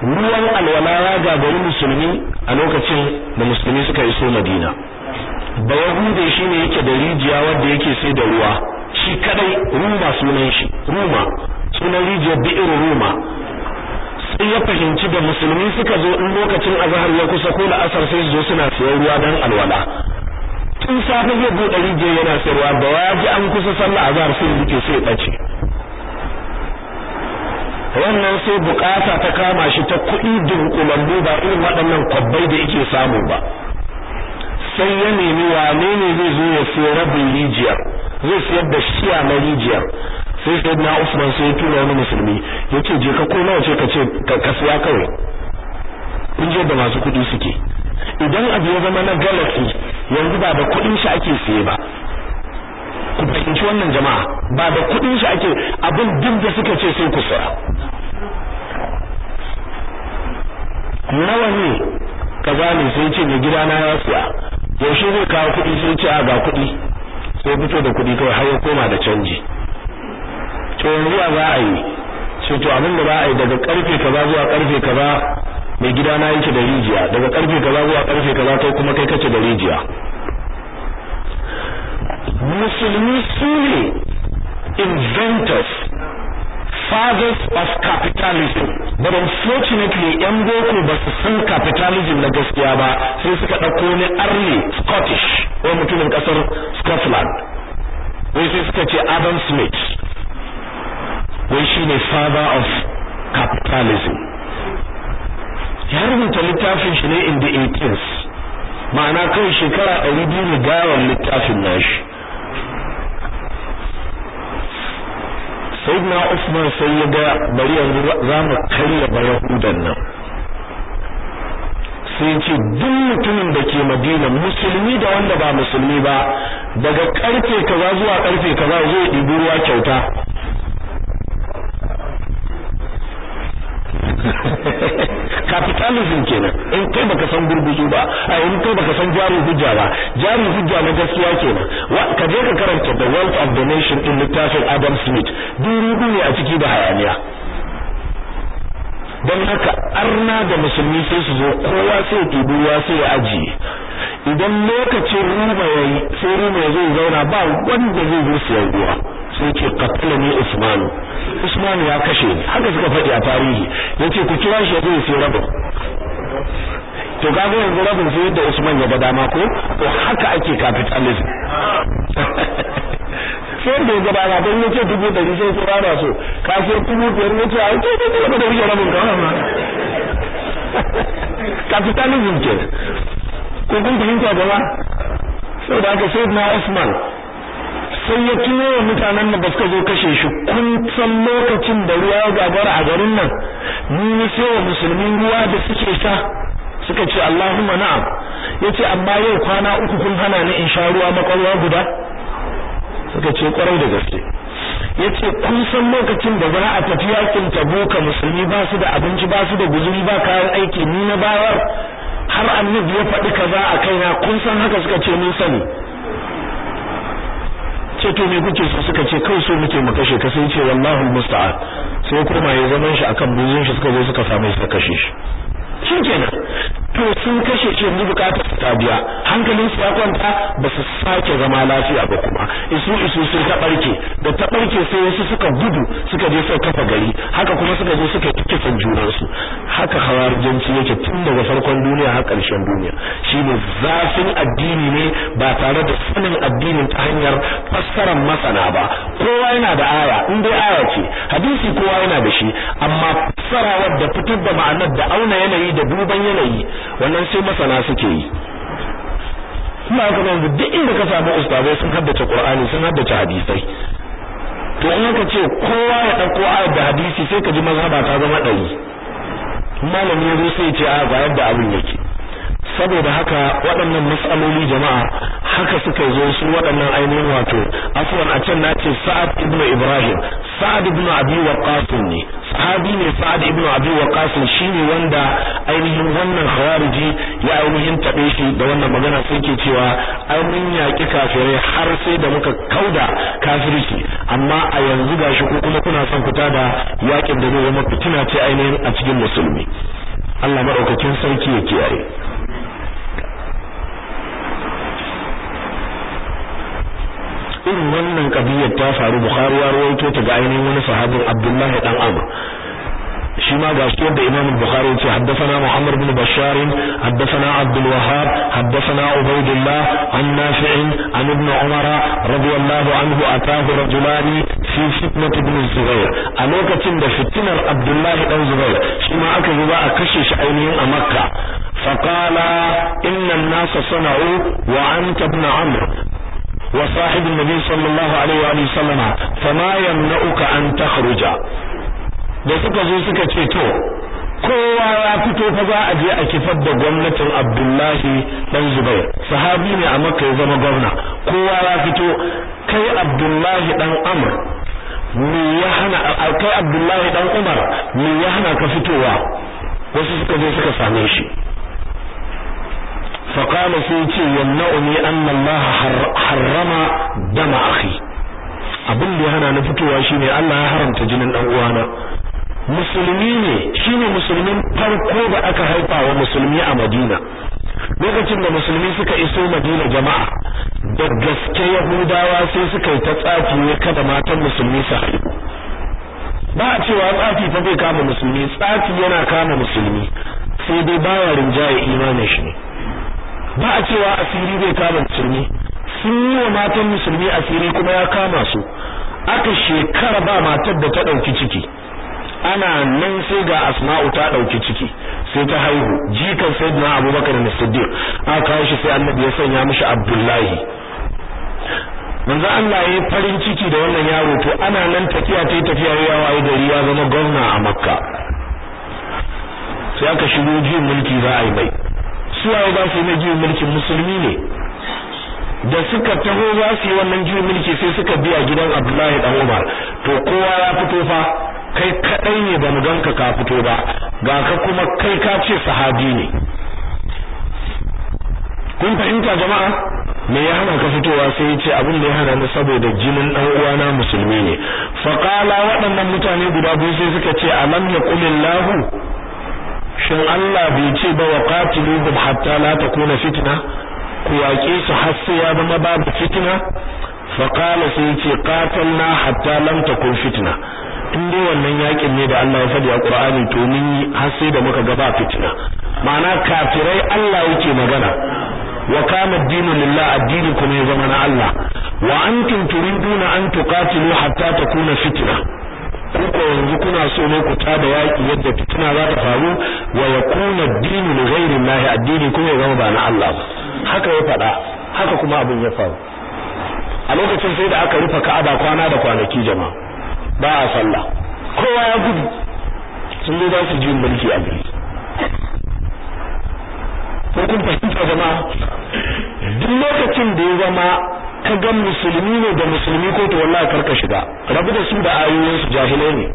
ruwan alwala ya gagari musulmi a lokacin da musulmi suka iso madina ba yahude shi ne yake da rijiya wadda yake sai da ruwa shi kadai ruma sunan shi ruma sunan rijiyar bi'ir ruma sai ya fahimci da musulmi suka zo in lokacin azhar ya kusa ko la'asar sai su zo suna sayan ruwa dan alwala tun safe zai buɗe rijiyar yana sayarwa da ya ji an kusa sallah azhar sai yake sai ya bace wannan sai bukata ta kama shi ta kuɗi dunkulallu ba irin waɗannan kwabbai da yake samu ba sai ya nemi wane ne zai zo ya siya rabin rijiyar zai siyar da shiya na rijiyar sai sai na usman sai ya tura wani musulmi ya ce je ka koma wace ka ce ka siya kawai kun je da masu kuɗi suke idan abu ya zama na galaxy yanzu ba da kuɗin shi ake siye ba ku fahimci wannan jama'a ba da kuɗin shi ake abin duk da suka ce sai ku saya nawa ne kaza ne sai ce mai gidana ya siya yaushe zai kawo kuɗi sai ce a ga kuɗi sai fito da kuɗi kawai har ya koma da canji to yanzu a za a yi ce to abin da za a yi daga karfe kaza zuwa karfe kaza mai gidana yake da rijiya daga karfe kaza zuwa karfe kaza kai kuma kai kace da rijiya musulmi su inventors fathers of capitalism but unfortunately yan boko ba su san capitalism na gaskiya ba sai suka ɗauko ne arne scottish wani mutumin ƙasar scotland wai sai suka ce adam smith wai shi ne father of capitalism ya rubuta littafin shi ne in the 18th ma'ana kawai shekara biyu ne gawan littafin nashi sayyidina Usman sai ya ga bari yanzu za mu karya ba Yahudan nan sai ce duk mutumin da ke Madina musulmi da wanda ba musulmi ba daga karfe kaza zuwa karfe kaza zai ɗibi ruwa kyauta capitalism kenan in kai baka san gurguzu ba a in kai baka san jari hujja ba jari hujja na gaskiya kenan ka je ka karanta the wealth of the nation in littafin Adam Smith duru ne a ciki da hayaniya don haka arna da musulmi sai su zo kowa sai ke ruwa sai ya ajiye idan lokacin ruma yayi sai ruma ya zai zauna ba wanda zai zo su ruwa sun ce ne usman usman ya kashe haka suka faɗi a tarihi yace ku kira shi ya sai rabin to gaba yanzu rabin sai yadda usman ya ga dama ko to haka ake capitalism sai da ya gabata don ya ce dubu ɗari sai su rara so kafin dubu biyar ne ce a yi ce ne da wuce rabin ka. capitalism ke ko kun fahimta gaba sau da aka sai na Usman sai ya tuno wa mutanen nan da suka zo kashe shi kun san lokacin da ruwa ya gagara a garin nan ni ne sai wa musulmin ruwa da suke sa suka ce Allahumma na'am yace amma yau kwana uku kun hana ni in sha ruwa makwarwa guda suka ce kwarai da gaske yace kun san lokacin da za a tafi yakin Tabuka musulmi ba su da abinci ba su da guzuri ba kayan aiki ni na bayar har annabi ya faɗi kaza a kaina kun san haka suka ce mun sani ce to me kuke so suka ce kai so muke mu kashe ka sai ce wallahi musta'an sai kuma ya zaman shi akan buzun shi suka zo suka samu shi suka kashe shi shikenan to sun kashe shi yanzu bukatar su ta biya hankalin su ya kwanta ba su sake zama lafiya ba kuma isu isu sun ta barke da ta barke sai wasu suka gudu suka je suka kafa gari haka kuma suka je suka san juna su haka hawarijanci yake tun daga farkon duniya har karshen duniya shine zafin addini ne ba tare da sanin addinin ta hanyar fassarar masana ba kowa yana da aya in dai aya ce hadisi kowa yana da shi amma fassara wadda fitar da ma'anar da auna yanayi da duban yanayi wannan sai masana suke yi kuma haka yanzu duk inda ka samu ustazai sun haddace qur'ani sun haddace hadisai to in aka ce kowa ya dauko ayat da hadisi sai ka ji mazhaba ta zama ɗari malami ya zo sai ya ce a ga yadda abin yake saboda haka waɗannan matsaloli jama'a haka suka zo su waɗannan ainihin wato afwan a can na ce sa'ad ibnu ibrahim sa'ad ibnu abi waqas ne sahabi ne sa'ad ibnu abi waqas shine wanda ainihin wannan khawariji ya ainihin tabe shi da wannan magana sun ke cewa an mun yaki kafirai har sai da muka kauda kafirci amma a yanzu gashi ko kuma kuna son fita da yakin da zai zama fitina ce ainihin a cikin musulmi Allah maɗaukakin sarki ya kiyaye irin wannan kabiyar ta faru bukhari ya rawaito ta ga ainihin wani sahabin abdullahi dan amr shi ma ga shi da imam bukhari yace haddathana muhammad bin bashar haddathana abdul wahhab haddathana ubaydullah an nafi' an ibn umar radiyallahu anhu atahu rajulani fi fitnat ibn zubair a lokacin da fitinar abdullahi dan zubair shi ma aka zo a kashe shi ainihin a makka فقال إن الناس صنعوا وأنت ابن عمرو وصاحب النبي صلى الله عليه وآله وسلم فما يمنعك أن تخرج da suka zo suka ce to kowa ya fito fa za a je a kifar da gwamnatin Abdullahi dan Zubair sahabi ne a Makka ya zama gwamna kowa ya fito kai Abdullahi dan Amr me ya hana kai Abdullahi dan Umar me ya hana ka fitowa wasu suka zo suka same shi faƙala sai ce yamna'uni anna Allah harrama dama akhi abin da ya hana na fitowa shine Allah ya haramta jinin dan uwana musulmi ne shine musulmin farko da aka haifa wa musulmi a Madina lokacin da musulmi suka iso Madina jama'a da gaske Yahudawa sai suka yi ta tsafi ne kada matan musulmi su ba a cewa tsafi fa zai kama musulmi tsafi yana kama musulmi sai dai baya rinjaye imanin shi ne ba a cewa asiri zai kama musulmi sun yi wa matan musulmi asiri kuma ya kama su aka shekara ba matar da ta ɗauki ciki ana nan sai ga asma'u ta ɗauki ciki sai ta haihu jikan sayyidina abubakar da siddiq a kawo shi sai annabi ya sanya mishi abdullahi manzo Allah ya farin ciki da wannan yaro to ana nan tafiya ta tafiya ya waye gari ya zama gwamna a makka sai aka shigo jin mulki za a yi mai suwaye za su yi mai juyin mulkin musulmi ne da suka taho za su yi wannan juyin mulki sai suka biya gidan abdullahi dan umar to kowa ya fito fa kai kadai ne ba mu ganka ka fito ba ga ka kuma kai ka ce sahabi ne kun fahimta jama'a me ya hana ka fitowa sai ya ce abin da ya hana ni saboda jinin dan uwana musulmi ne fa qala waɗannan mutane guda biyu sai suka ce alam yaqulillahu shin Allah bai ce ba wa qatiluhum hatta la takuna fitna ku yaƙe su har sai ya zama babu fitna fa qala sai ce qatalna hatta lam takun fitna in dai wannan yakin ne da Allah ya faɗi a Qur'ani to mun har sai da muka ga ba fitna ma'ana kafirai Allah yake magana wa kana dinu lillah addini kuma ya zama na Allah wa antum turiduna an tuqatilu hatta takuna fitna kuka yanzu kuna so ne ku tada yaki yadda fitina za ta faru wa yakuna ad-dinu li ghayri Allah addini kuma ya zama ba na Allah haka ya faɗa haka kuma abin ya faru a lokacin sai da aka rufe Ka'aba kwana da kwanaki jama'a ba a sallah kowa ya gudu sun dai za su ji mulki a gari ko kun fahimta jama'a duk lokacin da ya zama ka ga musulmi ne da musulmi ko to wallahi karka shiga rabu da su da ayoyin su jahilai ne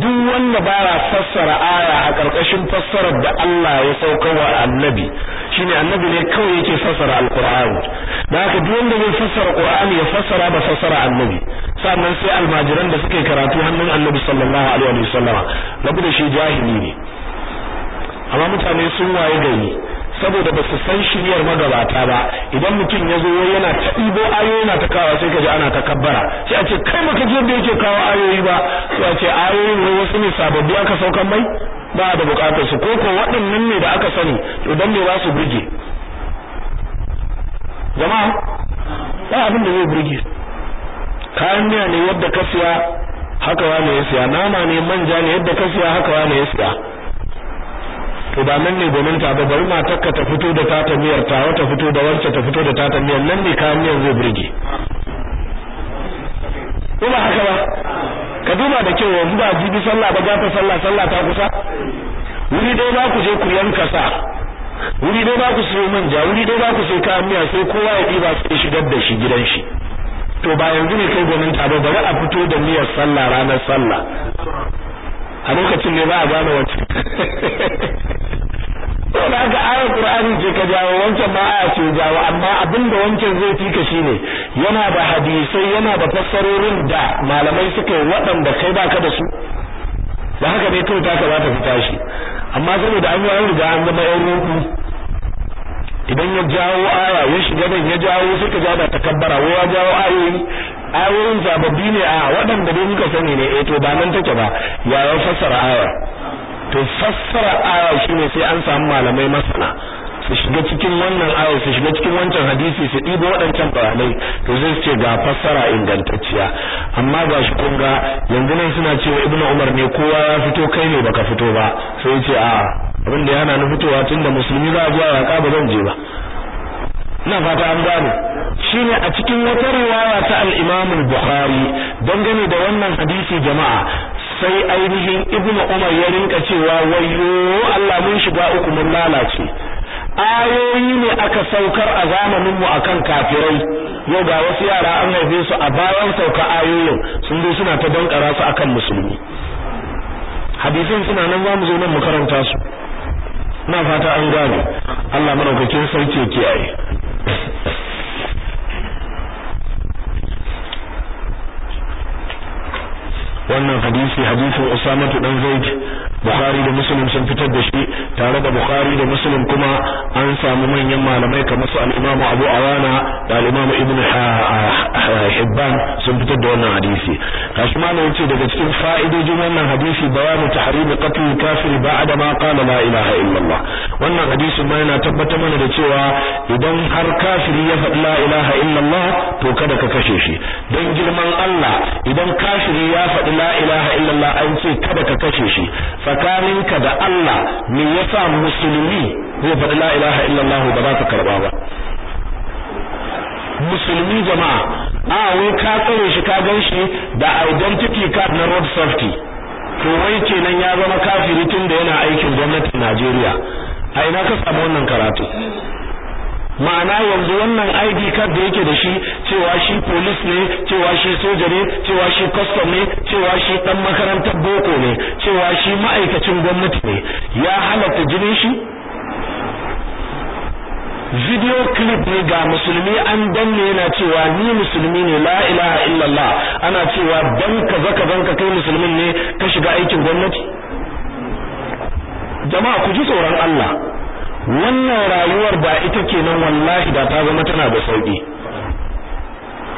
duk wanda baya fassara aya a karkashin fassarar da Allah ya sauka wa annabi shine annabi ne kawai yake fassara alqur'ani da haka duk wanda zai fassara qur'ani ya fassara ba fassara annabi sannan sai almajiran da suke karatu hannun annabi sallallahu alaihi wasallam rabu da shi jahili ne amma mutane sun waye gari saboda ba su san shiryar magabata ba idan mutum ya zo yana ta ibo ayoyi yana ta kawo sai ka ji ana ta kabbara sai a ce kai maka ji da yake kawo ayoyi ba sai a ce ayoyin ne wasu ne sababbi aka saukan mai ba da bukatar su ko ko waɗannan ne da aka sani to dan me ba su burge jama'a ba abin da zai burge kayan miya ne yadda ka siya haka wane ya siya nama ne manja ne yadda ka siya haka wane ya siya to ba nan ne gonin ta ba bari matarka ta fito da tata miyar ta wata fito da wacce ta fito da tata miyar nan ne kayan miyar zai burge ko ba haka ba ka duba da kyau yanzu ba jibi sallah ba ta sallah sallah ta kusa wuri dai ba ku je ku yanka sa wuri dai ba ku siyo manja wuri dai ba ku siyo kayan miya sai kowa ya ɗiba sai shigar da shi gidan shi to ba yanzu ne kai gwamnati ta ba bari a fito da miyar sallah ranar sallah a lokacin ne ba a gane wacce to da haka ayar qur'ani ce ka jawo wancan ba aya ce jawo amma abinda wancan zai fika shine yana da hadisai yana da fassarorin da malamai suka yi waɗanda kai baka da su ba haka ne kawai ta kamata fita shi amma saboda an yi riga an zama yan ruku idan ya jawo aya ya shiga nan ya jawo suka ka ja da takabbara wai ya jawo ayoyi ayoyin sababbi ne a waɗanda dai muka sani ne eh to ba nan take ba ya fassara aya to fassara aya shine sai an samu malamai masana su shiga cikin wannan aya su shiga cikin wancan hadisi su ɗibo waɗancan bayanai to zai ce ga fassara ingantacciya amma ga shi kun yanzu nan suna cewa ibnu umar ne kowa ya fito kai ne baka fito ba sai ce a abin da yana ni fitowa tunda musulmi za a zuwa yaƙa ba zan je ba ina fata an gane shine a cikin wata riwaya ta al-Imam al-Bukhari dangane da wannan hadisi jama'a sai ainihin ibnu umar ya rinka cewa wayo. Allah mun shiga uku mun lalace ayoyi ne aka saukar a zamanin mu akan kafirai yau ga wasu yara an haife su a bayan sauka ayoyin sun zo suna ta dankara su akan musulmi hadisin suna nan zamu zo nan mu karanta su ina fata an gane Allah madaukakin sarki kiyaye wannan hadisi hadisin usamatu dan Zaid Bukhari da Muslim sun fitar da shi tare da Bukhari da Muslim kuma an samu manyan malamai kamar su al-Imam Abu Awana da al-Imam Ibn Hibban sun fitar da wannan hadisi kashi malam yace daga cikin fa'idojin wannan hadisi bayanu tahrim qatl kafir ba'da ma qala la ilaha illallah wannan hadisin ma yana tabbatar mana da cewa idan har kafiri ya faɗi la ilaha illallah to kada ka kashe shi dan girman Allah idan kafiri ya faɗi la ilaha illallah an ce kada ka kashe shi tsakaninka da Allah me yasa musulmi zai faɗi la ilaha illallah ba za ka karba ba musulmi jama'a a wai ka tsare shi ka gan shi da identity card na road safety to wai kenan ya zama kafiri tun da yana aikin gwamnatin Najeriya a ina ka samu wannan karatu ma'ana yanzu wannan ID card da yake da shi cewa shi police ne cewa shi soja ne cewa shi custom ne cewa shi dan makarantar boko ne cewa shi ma'aikacin gwamnati ne ya halatta jinin shi video clip ne ga musulmi an danne yana cewa ni musulmi ne la ilaha illallah ana cewa dan kaza kazan ka kai musulmin ne ka shiga aikin gwamnati jama'a ku ji tsoron Allah wannan rayuwar ba ita kenan wallahi da ta zama tana da sauki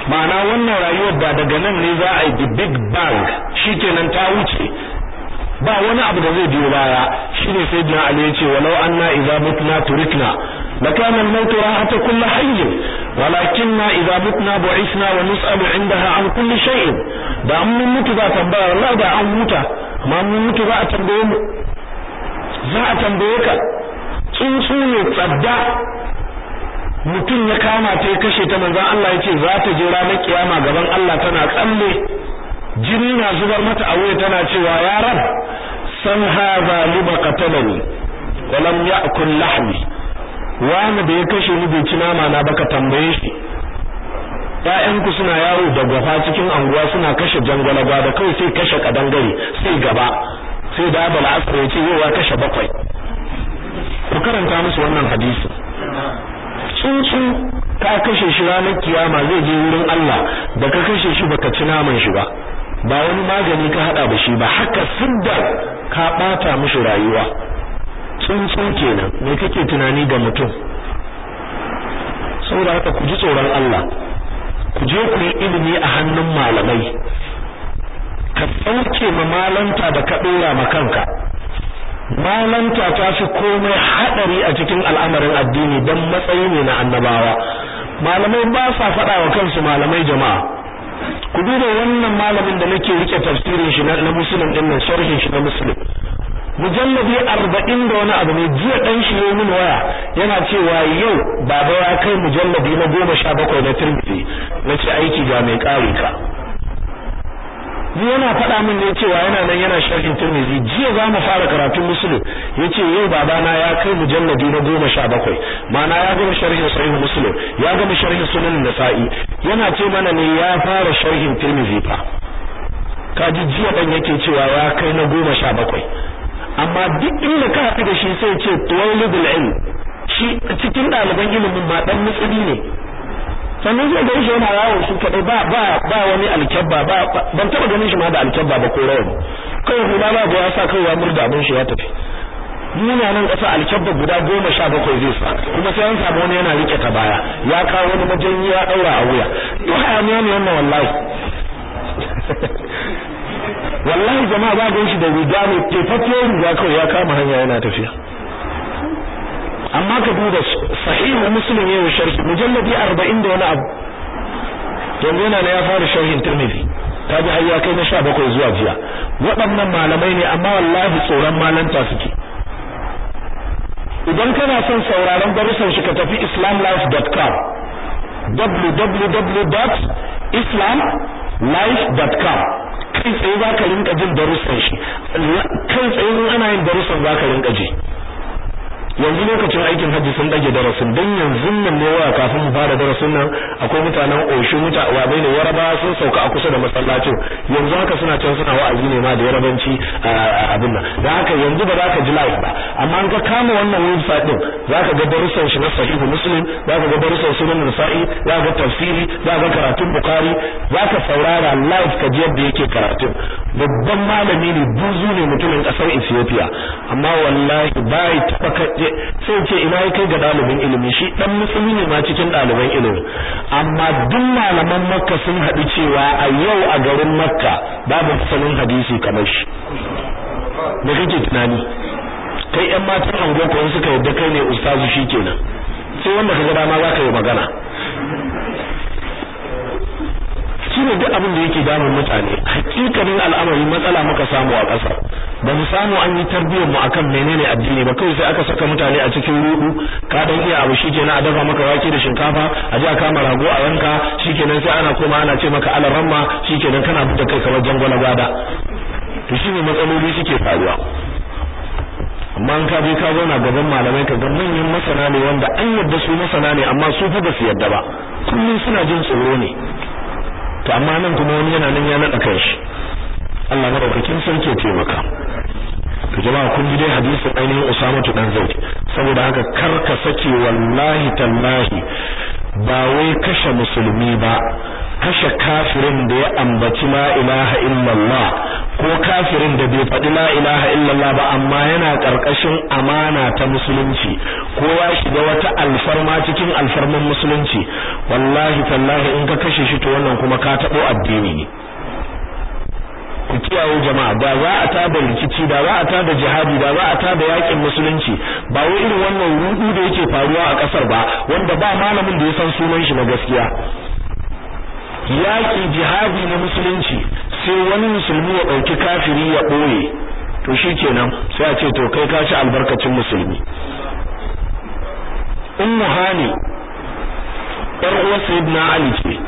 ma'ana wannan rayuwar ba daga nan ne za a yi big bang shikenan ta wuce ba wani abu da zai biyo baya shine sai dina ali yace walau anna idza mutna turikna lakana al mautu rahata kulli hayy walakinna idza mutna bu'isna wa nus'alu 'indaha an kulli shay'in da mun mutu za tambaya wallahi da an muta amma mun mutu za a tambaye mu za a tambaye ka tsuntsu ne tsadda mutum ya kama ta ya kashe ta manzon Allah ya ce za ta je ranar kiyama gaban Allah tana tsalle jini na zubar mata a wuya tana cewa ya rab san hadha liba qatalani wa lam ya'kul lahmi wani da ya kashe ni bai ci nama na baka tambaye shi Ya'yanku suna yawo da gafa cikin anguwa suna kashe jangwalaba da kawai sai kashe kadangare sai gaba sai da asr ya ce yau ya kashe bakwai ku karanta musu wannan hadisi tsuntsu ka kashe shi ranar kiyama zai je wurin Allah da ka kashe shi baka ci naman shi ba ba wani magani ka hada ba shi ba haka sidda ka bata mishi rayuwa tsuntsu kenan me kake tunani ga mutum saboda haka ku ji tsoron Allah ku je ku yi ilimi a hannun malamai ka sauke ma malanta da ka dora ma kanka malanta ta fi komai hadari a cikin al'amarin addini dan matsayi ne na annabawa malamai ba sa faɗa wa kansu malamai jama'a ku duba wannan malamin da nake rike tafsirin shi na musulun din nan sharhin shi na musulun mujalladi arba'in da wani abu ne jiya dan shi ne min waya yana cewa yau baba ya kai mujalladi na goma sha bakwai na tirmidhi na aiki ga mai kare ka ni yana faɗa min ne cewa yana nan yana sharhin Tirmidhi jiya za mu fara karatun Muslim yace yau babana ya kai mujalladi na goma sha bakwai mana ya gama sharhin Sahih Muslim ya gama sharhin Sunan Nasa'i yana ce mana ne ya fara sharhin Tirmidhi fa kaji jiya dan yake cewa ya kai na goma sha bakwai amma duk inda ka da shi sai ce tuwailul ilm shi cikin ɗaliban ilimin ma dan mutsili ne sannan zai gan shi yana yawo su kadai ba ba ba wani alkyabba ba ban taɓa ganin shi ma da alkyabba ba ko rawar kawai hula ba ya sa kai ya murda abin shi ya tafi yana nan ƙasa alkyabba guda goma sha bakwai zai sa kuma sai an samu wani yana rike ta baya ya kawo wani majanyi ya ɗaura a wuya to hayaniya ne wannan wallahi wallahi jama'a ba gan shi da riga ne tefafiyar riga kawai ya kama hanya yana tafiya amma ka duba sahihu muslim yau sharhi mujalladi 40 da wani abu yanzu yana ya fara sharhin tirmidhi ta ji har ya kai na 17 zuwa jiya waɗannan malamai ne amma wallahi tsoron malanta suke idan kana son sauraron darussan shi ka tafi islamlife.com www.islamlife.com kai tsaye za ka rinka jin darussan shi kai tsaye ana yin darussan za ka rinka ji yanzu lokacin aikin hajji sun dage darasin don yanzu nan ne wa kafin mu fara darasin nan akwai mutanen oshi muta wa bai ne yaraba sun sauka a kusa da masallacin yanzu haka suna can suna wa'azi ne ma da yarabanci abin nan da haka yanzu ba za ka ji live ba amma an ka kama wannan website din za ka ga darussan shi na sahihu muslim za ka ga darussan sunan nasa'i za ka ga tafsiri za ka ga karatun bukari za ka saurara live ka ji yadda yake karatu babban malami ne buzu ne mutumin kasar ethiopia amma wallahi bai taba ce sai ce ina ya kai ga dalibin ilimi shi dan musulmi ne ma cikin ɗaliban ilimi amma duk malaman makka sun haɗu cewa a yau a garin makka babu sanin hadisi kamar shi da kake tunani kai yan matan angon ko suka yadda kai ne ustazu shi shikenan sai wanda kaga dama za ka yi magana shine duk abin da yake damun mutane hakikanin al'amari matsala muka samu a ƙasa ba mu samu an yi tarbiyyar mu akan menene addini ba kawai sai aka saka mutane a cikin rudu ka dan iya abu shikenan a dafa maka wake da shinkafa a ji a kama rago a yanka shikenan sai ana koma ana ce maka alaramma shikenan kana da kai kamar jangwala gada. to shine matsaloli suke faruwa amma ka je ka zauna gaban malamai ka ga manyan masana ne wanda an yadda su masana ne amma su fa ba su yadda ba kullum suna jin tsoro ne to amma nan kuma wani yana nan ya naɗa kanshi Allah madaukakin sarki ya taimaka to jama'a kun ji dai hadisi ainihin Usama dan Zaid saboda haka kar ka sake wallahi tallahi ba wai kashe musulmi ba kashe kafirin da ya ambaci la ilaha illallah ko kafirin da bai faɗi la ilaha illallah ba amma yana ƙarƙashin amana ta musulunci ko ya shiga wata alfarma cikin alfarman musulunci wallahi tallahi in ka kashe shi to wannan kuma ka taɓo addini ne ku kiyaye jama'a da za a tada rikici da za a tada jihadi da za a tada yakin musulunci ba wai irin wannan rudu da yake faruwa a kasar ba wanda ba malamin da ya san sunan shi na gaskiya yaki jihadi na musulunci sai wani musulmi ya dauki kafiri ya boye to shikenan sai a ce to kai ka ci albarkacin musulmi ummu hani yar uwar sayyidina ali ce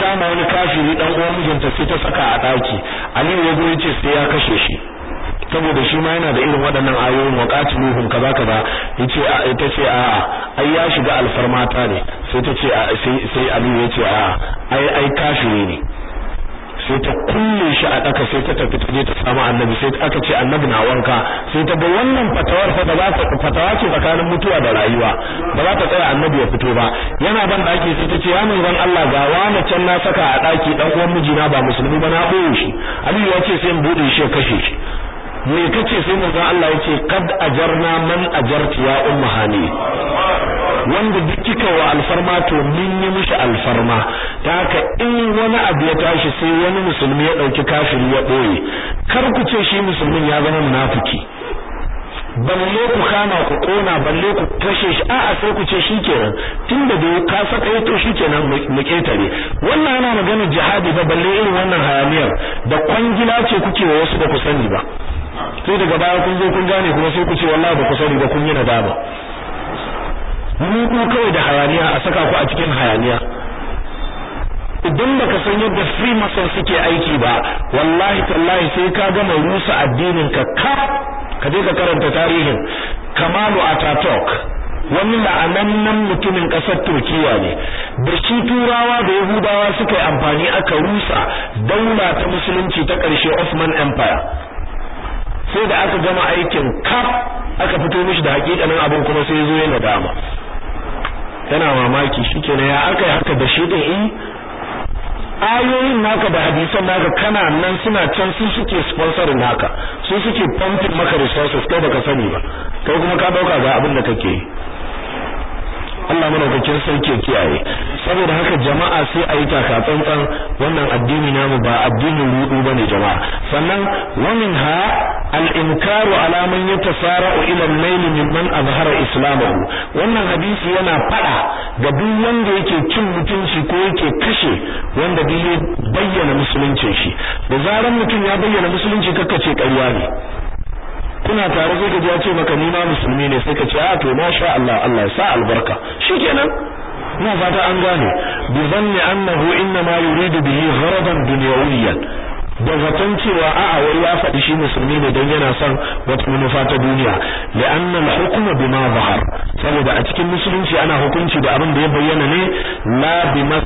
kama wani kafiri dan uwan mijinta sai ta saka a daki aliyu ya zo yace sai ya kashe shi saboda shi ma yana da irin waɗannan ayoyin wa qatiluhum kaza kaza yace ita ce a ai ya shiga alfarmata ne sai ta ce sai aliyu yace ce a ai ai kafiri ne sai ta kulle shi a daka sai ta tafi ta je ta samu annabi sai aka ce annabi na wanka sai ta ga wannan fatawar fa da za ta fatawa ce tsakanin mutuwa da rayuwa ba za ta tsaya annabi ya fito ba yana ban daki sai ta ce ya manzon Allah ga wani can na saka a daki dan uwan mijina ba musulmi ba na boye shi aliyu ya ce sai in bude shi ya kashe shi me kace sai manzo Allah yace kad ajarna man ajarti ya ummahani wanda duk kika wa alfarma to mun yi mishi alfarma ta haka in wani abu ya tashi sai wani musulmi ya dauki kafiri ya boye kar ku ce shi musulmin ya zama munafiki balle ku kama ku kona balle ku kashe shi a'a sai ku ce shikenan tunda da ka saka yato shikenan mu ketare wannan ana magana jihadi ba balle irin wannan hayaniyar da kwangila ce kuke wa wasu ba ku sani ba sai daga baya kun zo kun gane kuma sai ku ce wallahi ba ku sani ba kun yi na daba mu ku kawai da hayaniya a saka ku a cikin hayaniya idan baka san yadda freemason suke aiki ba wallahi tallahi sai ka gama rusa addinin ka ka ka je ka karanta tarihin kamalu ataturk wani la'anannen mutumin kasar turkiya ne da shi turawa da yahudawa suka yi amfani aka rusa daula ta musulunci ta ƙarshe ottoman empire sai da aka gama aikin kaf aka fito mishi da hakikanin abin kuma sai zo yana dama Kana mamaki shikenan ya aka yi haka da shi din eh ayoyin naka da hadisan naka kana nan suna can su suke sponsorin naka su suke pumping maka resources kai baka sani ba kai kuma ka dauka ga abin da kake Allah madaukakin sarki ya kiyaye saboda haka jama'a sai a yi taka tsantsan wannan addini namu ba addinin rudu bane jama'a sannan wa Ha'a al-inkaru ala man yatasara'u ila al-mayl mimman azhara islamahu wannan hadisi yana fada ga duk wanda yake cin mutunci ko yake kashe wanda bai bayyana musuluncin shi da zaran mutum ya bayyana musulunci kakkace ƙarya ne kuna tare sai ka ji ya ce maka ni ma musulmi ne sai ka ce a ah, to masha Allah Allah ya sa albarka shikenan ina fata an gane bi zanni annahu inna ma yuridu bihi gharadan dunyawiyyan da zaton cewa a'a wai ya faɗi shi musulmi ne dan yana son wata manufa ta duniya li'anna al hukuma bima zahar saboda a cikin musulunci ana hukunci da abin da ya bayyana ne la bima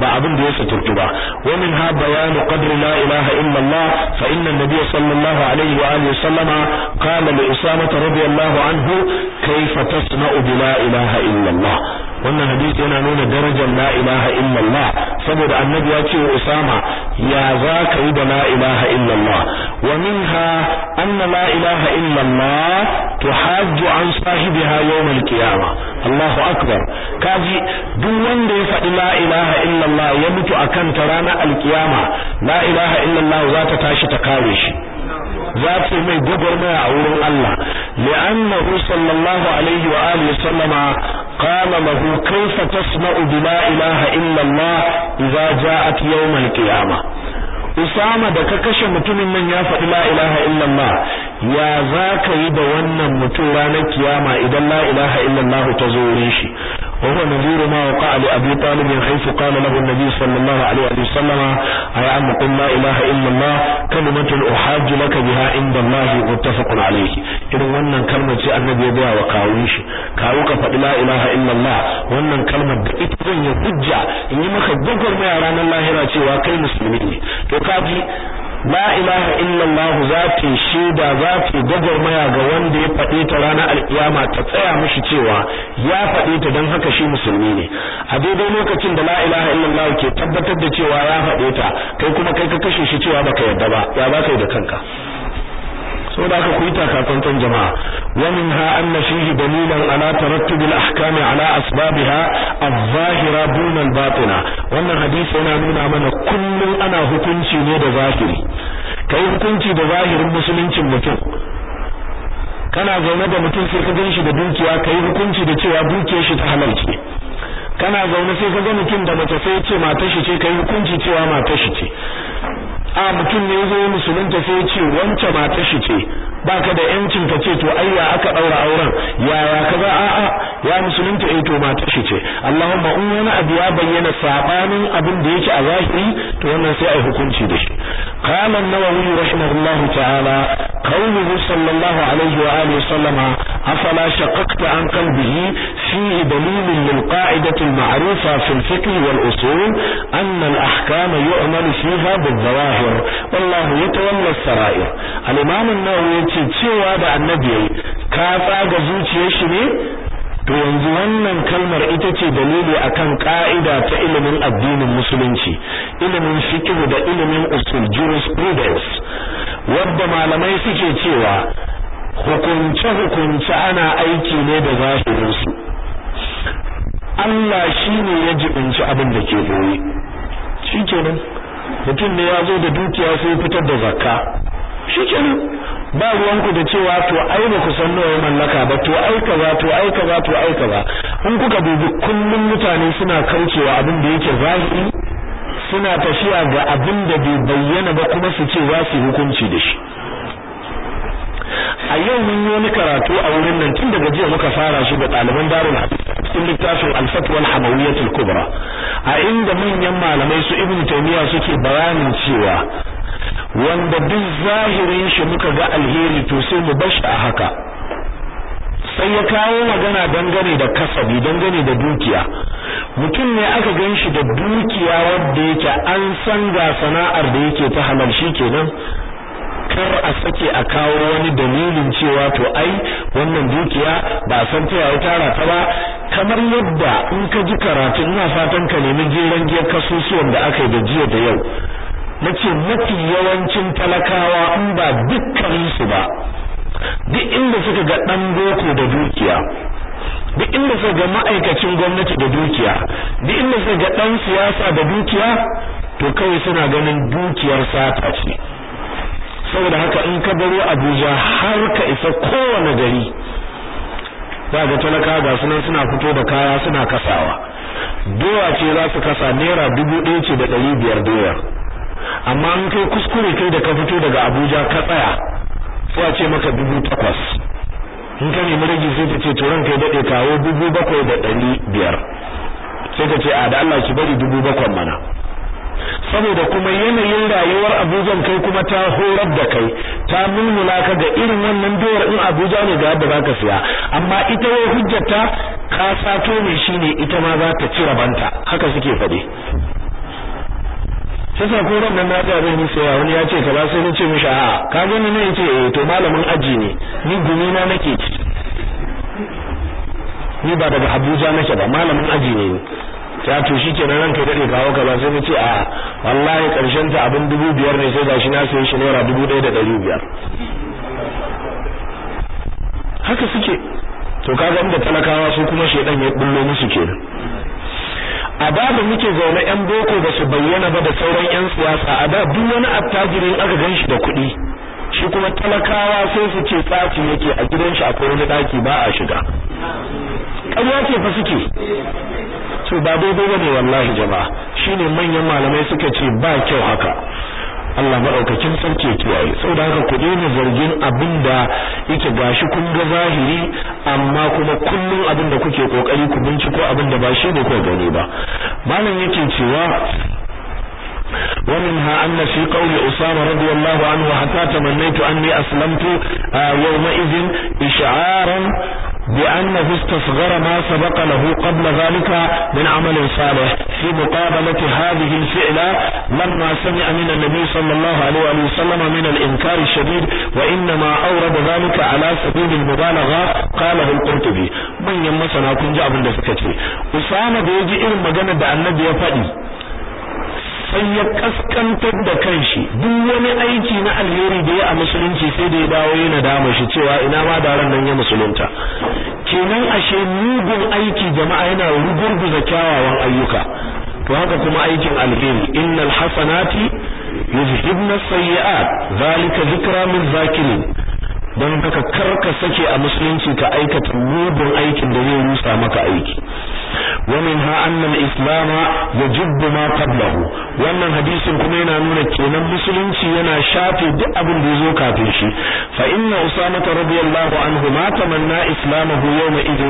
ba abin da ya suturtu ba wa min ha bayan qadri la ilaha illa Allah fa inna an sallallahu alaihi wa alihi sallama qala li usama radiyallahu anhu kayfa tasna'u ubi la ilaha illa Allah wannan hadisi yana nuna darajar la ilaha illallah saboda annabi ya ce wa usama ya za ka yi da la ilaha illallah wa minha anna la ilaha illallah tuhajju an sahibiha yawm al-qiyama Allahu akbar kaji duk wanda ya faɗi la ilaha illallah ya mutu akan ta ranar al-qiyama la ilaha illallah za ta tashi ta kare shi za ta mai gwagwarmaya a wurin Allah li'annahu sallallahu alaihi wa alihi sallama قال له كيف تسمع بلا إله إلا الله إذا جاءت يوم القيامة Usama da ka kashe mutumin nan ya faɗi la ilaha illallah ya za ka yi da wannan mutum ranar kiyama idan la ilaha illallah ta zo wurin shi wa huwa nadhiru ma waqa li abi talib haythu qala lahu an-nabi sallallahu alaihi wa sallama ay amma qul la ilaha illallah kalimatun uhajju laka biha inda allah muttafaqun alayhi irin wannan kalmar ce annabi ya bawa kawun shi kawo ka faɗi la ilaha illallah wannan kalmar da ita zan yi hujja in yi maka gwagwarmaya ranar lahira cewa kai musulmi ne to kafi la ilaha illallah za ta shaida za ta gwagwarmaya ga wanda ya faɗe ta ranar alkiyama ta tsaya mishi cewa ya faɗe ta don haka shi musulmi ne a daidai lokacin da la ilaha illallah ke tabbatar da cewa ya faɗe ta kai kuma kai ka kashe shi cewa baka yarda ba ya ba yi da kanka saboda ka ku yi takatsantsan jama'a wa minha anna fihi dalilan ala tarattub ala asbabiha adh-dhahira dun al wannan hadisi yana nuna mana kullum ana hukunci ne da zahiri kai hukunci da zahirin musuluncin mutum kana zaune da mutum sai ka gan shi da dukiya kai hukunci da cewa dukiyar shi ta halal kana zaune sai ka ga mutum da mace sai ce matar shi ce kai hukunci cewa matar shi ce a mutum ne zo musulunta sai ce wance ta shi ce baka da yancin ka ce to ayya aka daura auren yaya kaza a ya musulunta eh to mata shi ce Allahumma in wani abu ya bayyana sabanin abin da yake a zahiri to wannan sai ai hukunci da shi qala an-nawawi rahimahullahu ta'ala qawluhu sallallahu alaihi wa alihi sallama afala shaqaqta an qalbihi fi dalil lil qa'idati al-ma'rufa fi al-fiqh wal usul anna al-ahkama yu'mal fiha bil-zawahir ya yatawalla sarair al-imam an-nawawi yace cewa da annabi yayi ka tsaga zuciyar shi ne to yanzu wannan kalmar ita ce dalili akan ka'ida ta ilimin addinin musulunci ilimin fiqh da ilimin usul jurisprudence wanda malamai suke cewa hukunce hukunce ana aiki ne da zahirinsu Allah shine ya jibinci abin da ke boye shikenan mutum ne ya zo da dukiya sai fitar da zakka shi nan ba ruwanku da cewa to ai ba ku san nawa mallaka ba to ai kaza to ai kaza to ai kaza in kuka dubi kullum mutane suna kaucewa abin da yake zahiri suna tafiya ga abin da bai bayyana ba kuma su ce za su hukunci da shi a yau mun yi wani karatu a wurin nan tun daga jiya muka fara shi da ɗaliban darul cikin littafin al-fatwa al kubra a inda manyan malamai su ibnu taymiya suke bayanin cewa wanda duk zahirin shi muka ga alheri to sai mu bashi a haka sai ya kawo magana dangane da kasabi dangane da dukiya mutum ne aka gan shi da dukiya wanda yake an san ga sana'ar da yake ta halal shi kenan kar a sake a kawo wani dalilin cewa to ai wannan dukiya ba san ta yaya tara ta ba kamar yadda in ka ji karatu ina fatan ka nemi jeran giyar kasusuwan da aka yi da jiya da yau nace mafi yawancin talakawa in ba dukkan su ba duk inda suka ga dan boko da dukiya duk inda suka ga ma'aikacin gwamnati da dukiya duk inda suka ga dan siyasa da dukiya to kawai suna ganin dukiyar sata ce saboda haka in ka baro Abuja har ka isa kowane gari za ga talaka ga sunan suna fito da kaya suna kasawa doya ce za su kasa naira dubu ɗaya ce da ɗari biyar doya amma in kai kuskure kai da ka fito daga Abuja ka tsaya sai a ce maka dubu takwas in ka nemi rage sai ta ce turan kai daɗe kawo dubu bakwai da ɗari biyar sai ka ce a da Allah ki bari dubu bakwai mana saboda kuma yanayin rayuwar Abuja kai kuma ta horar da kai ta mulmula ka ga irin wannan doyar in abuja ne ga yadda zaka siya amma ita wai hujjata ka sato ne shine ita ma za ta ci rabanta haka suke faɗi sai ko ran nan na ga zan yi ya wani ya ce ka ba sai ce mishi a ka gani ne yace eh to malamin aji ne ni gumi na nake ni ba daga Abuja nake ba malamin aji ne ya ah, to shi ke nan ka daɗe kawo ka ba sai mu ce a ah, wallahi ƙarshen ta abin dubu biyar ne sai gashi na sayi shi naira dubu ɗaya da ɗari biyar haka suke to kaga inda talakawa su kuma shaidan ya bullo musu ke. a da da muke zaune yan boko ba su bayyana ba da sauran yan siyasa a da duk wani attajirin aka gan shi da kuɗi shi kuma talakawa sai su ce tsafi yake a gidan shi akwai wani ɗaki ba a shiga ƙarya ce fa suke to ba daidai ba ne wallahi jama'a shine manyan malamai suka ce ba kyau haka Allah maɗaukakin sarki ya kiyaye saboda haka ku daina zargin abinda da yake gashi kun ga zahiri amma kuma kullum abinda kuke kokari ku binciko abinda da ba shi ne ku ba malam yake cewa ومنها أن في قول أسامة رضي الله عنه حتى تمنيت أني أسلمت يومئذ إشعارا بأنه استصغر ما سبق له قبل ذلك من عمل صالح في مقابلة هذه الفعلة لما سمع من النبي صلى الله عليه وسلم من الإنكار الشديد وإنما أورد ذلك على سبيل المبالغة قاله القرطبي من يمسنا كنجا أبن دفكتي أسامة بيجي إرم مجند النبي يفعي sai ya kaskantar da kanshi duk wani aiki na alheri da ya a musulunci sai da ya dawo ya nadama shi cewa ina ma da ran nan ya musulunta kenan ashe mugun aiki jama'a yana rugurguza kyawawan ayyuka to haka kuma aikin alheri innal hasanati yuzhibna sayyi'at zalika zikra min zakirin don haka karka sake a musulunci ka aikata mugun aikin da zai rusa maka aiki ومنها أن الإسلام يجب ما قبله وأن حديث كما ينانون كينا مسلم سينا شافي دعب بيزو كافيشي فإن أسامة رضي الله عنه ما تمنى إسلامه يومئذ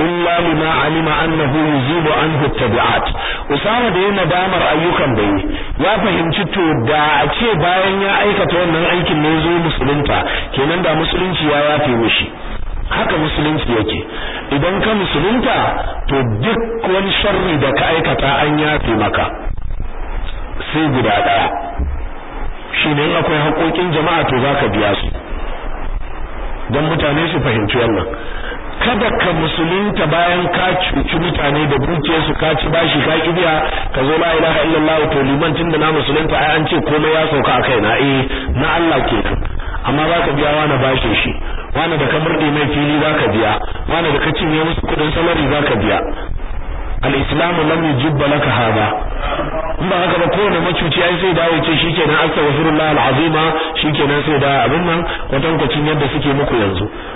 إلا لما علم أنه يزيب عنه التبعات أسامة دينا دامر أيوكا بي ya fahimci to da a ce bayan ya aikata wannan aikin ne zo musulunta kenan da musulunci ya yafe mishi haka musulunci yake idan ka musulunta to duk wani sharri da ka aikata an yafe maka sai guda daya shi ne akwai haƙoƙin jama'a to zaka biya su don mutane su fahimci wannan kada ka musulunta bayan ka cuci mutane da su ka ci bashi ka kibiya ka zo la ilaha illallah to liman tunda na musulunta ai an ce komai ya sauka a na, eh na Allah kenan amma za ka biya wani bashin shi wani da ka murde mai fili za ka biya wani da ka cinye musu kudin salari za ka biya al-islamu lam yujib laka hada in ba haka ba kowane macuci ai sai dawo ce wasu astaghfirullah al'azima shi kenan sai da abin nan kwatankwacin yadda suke muku yanzu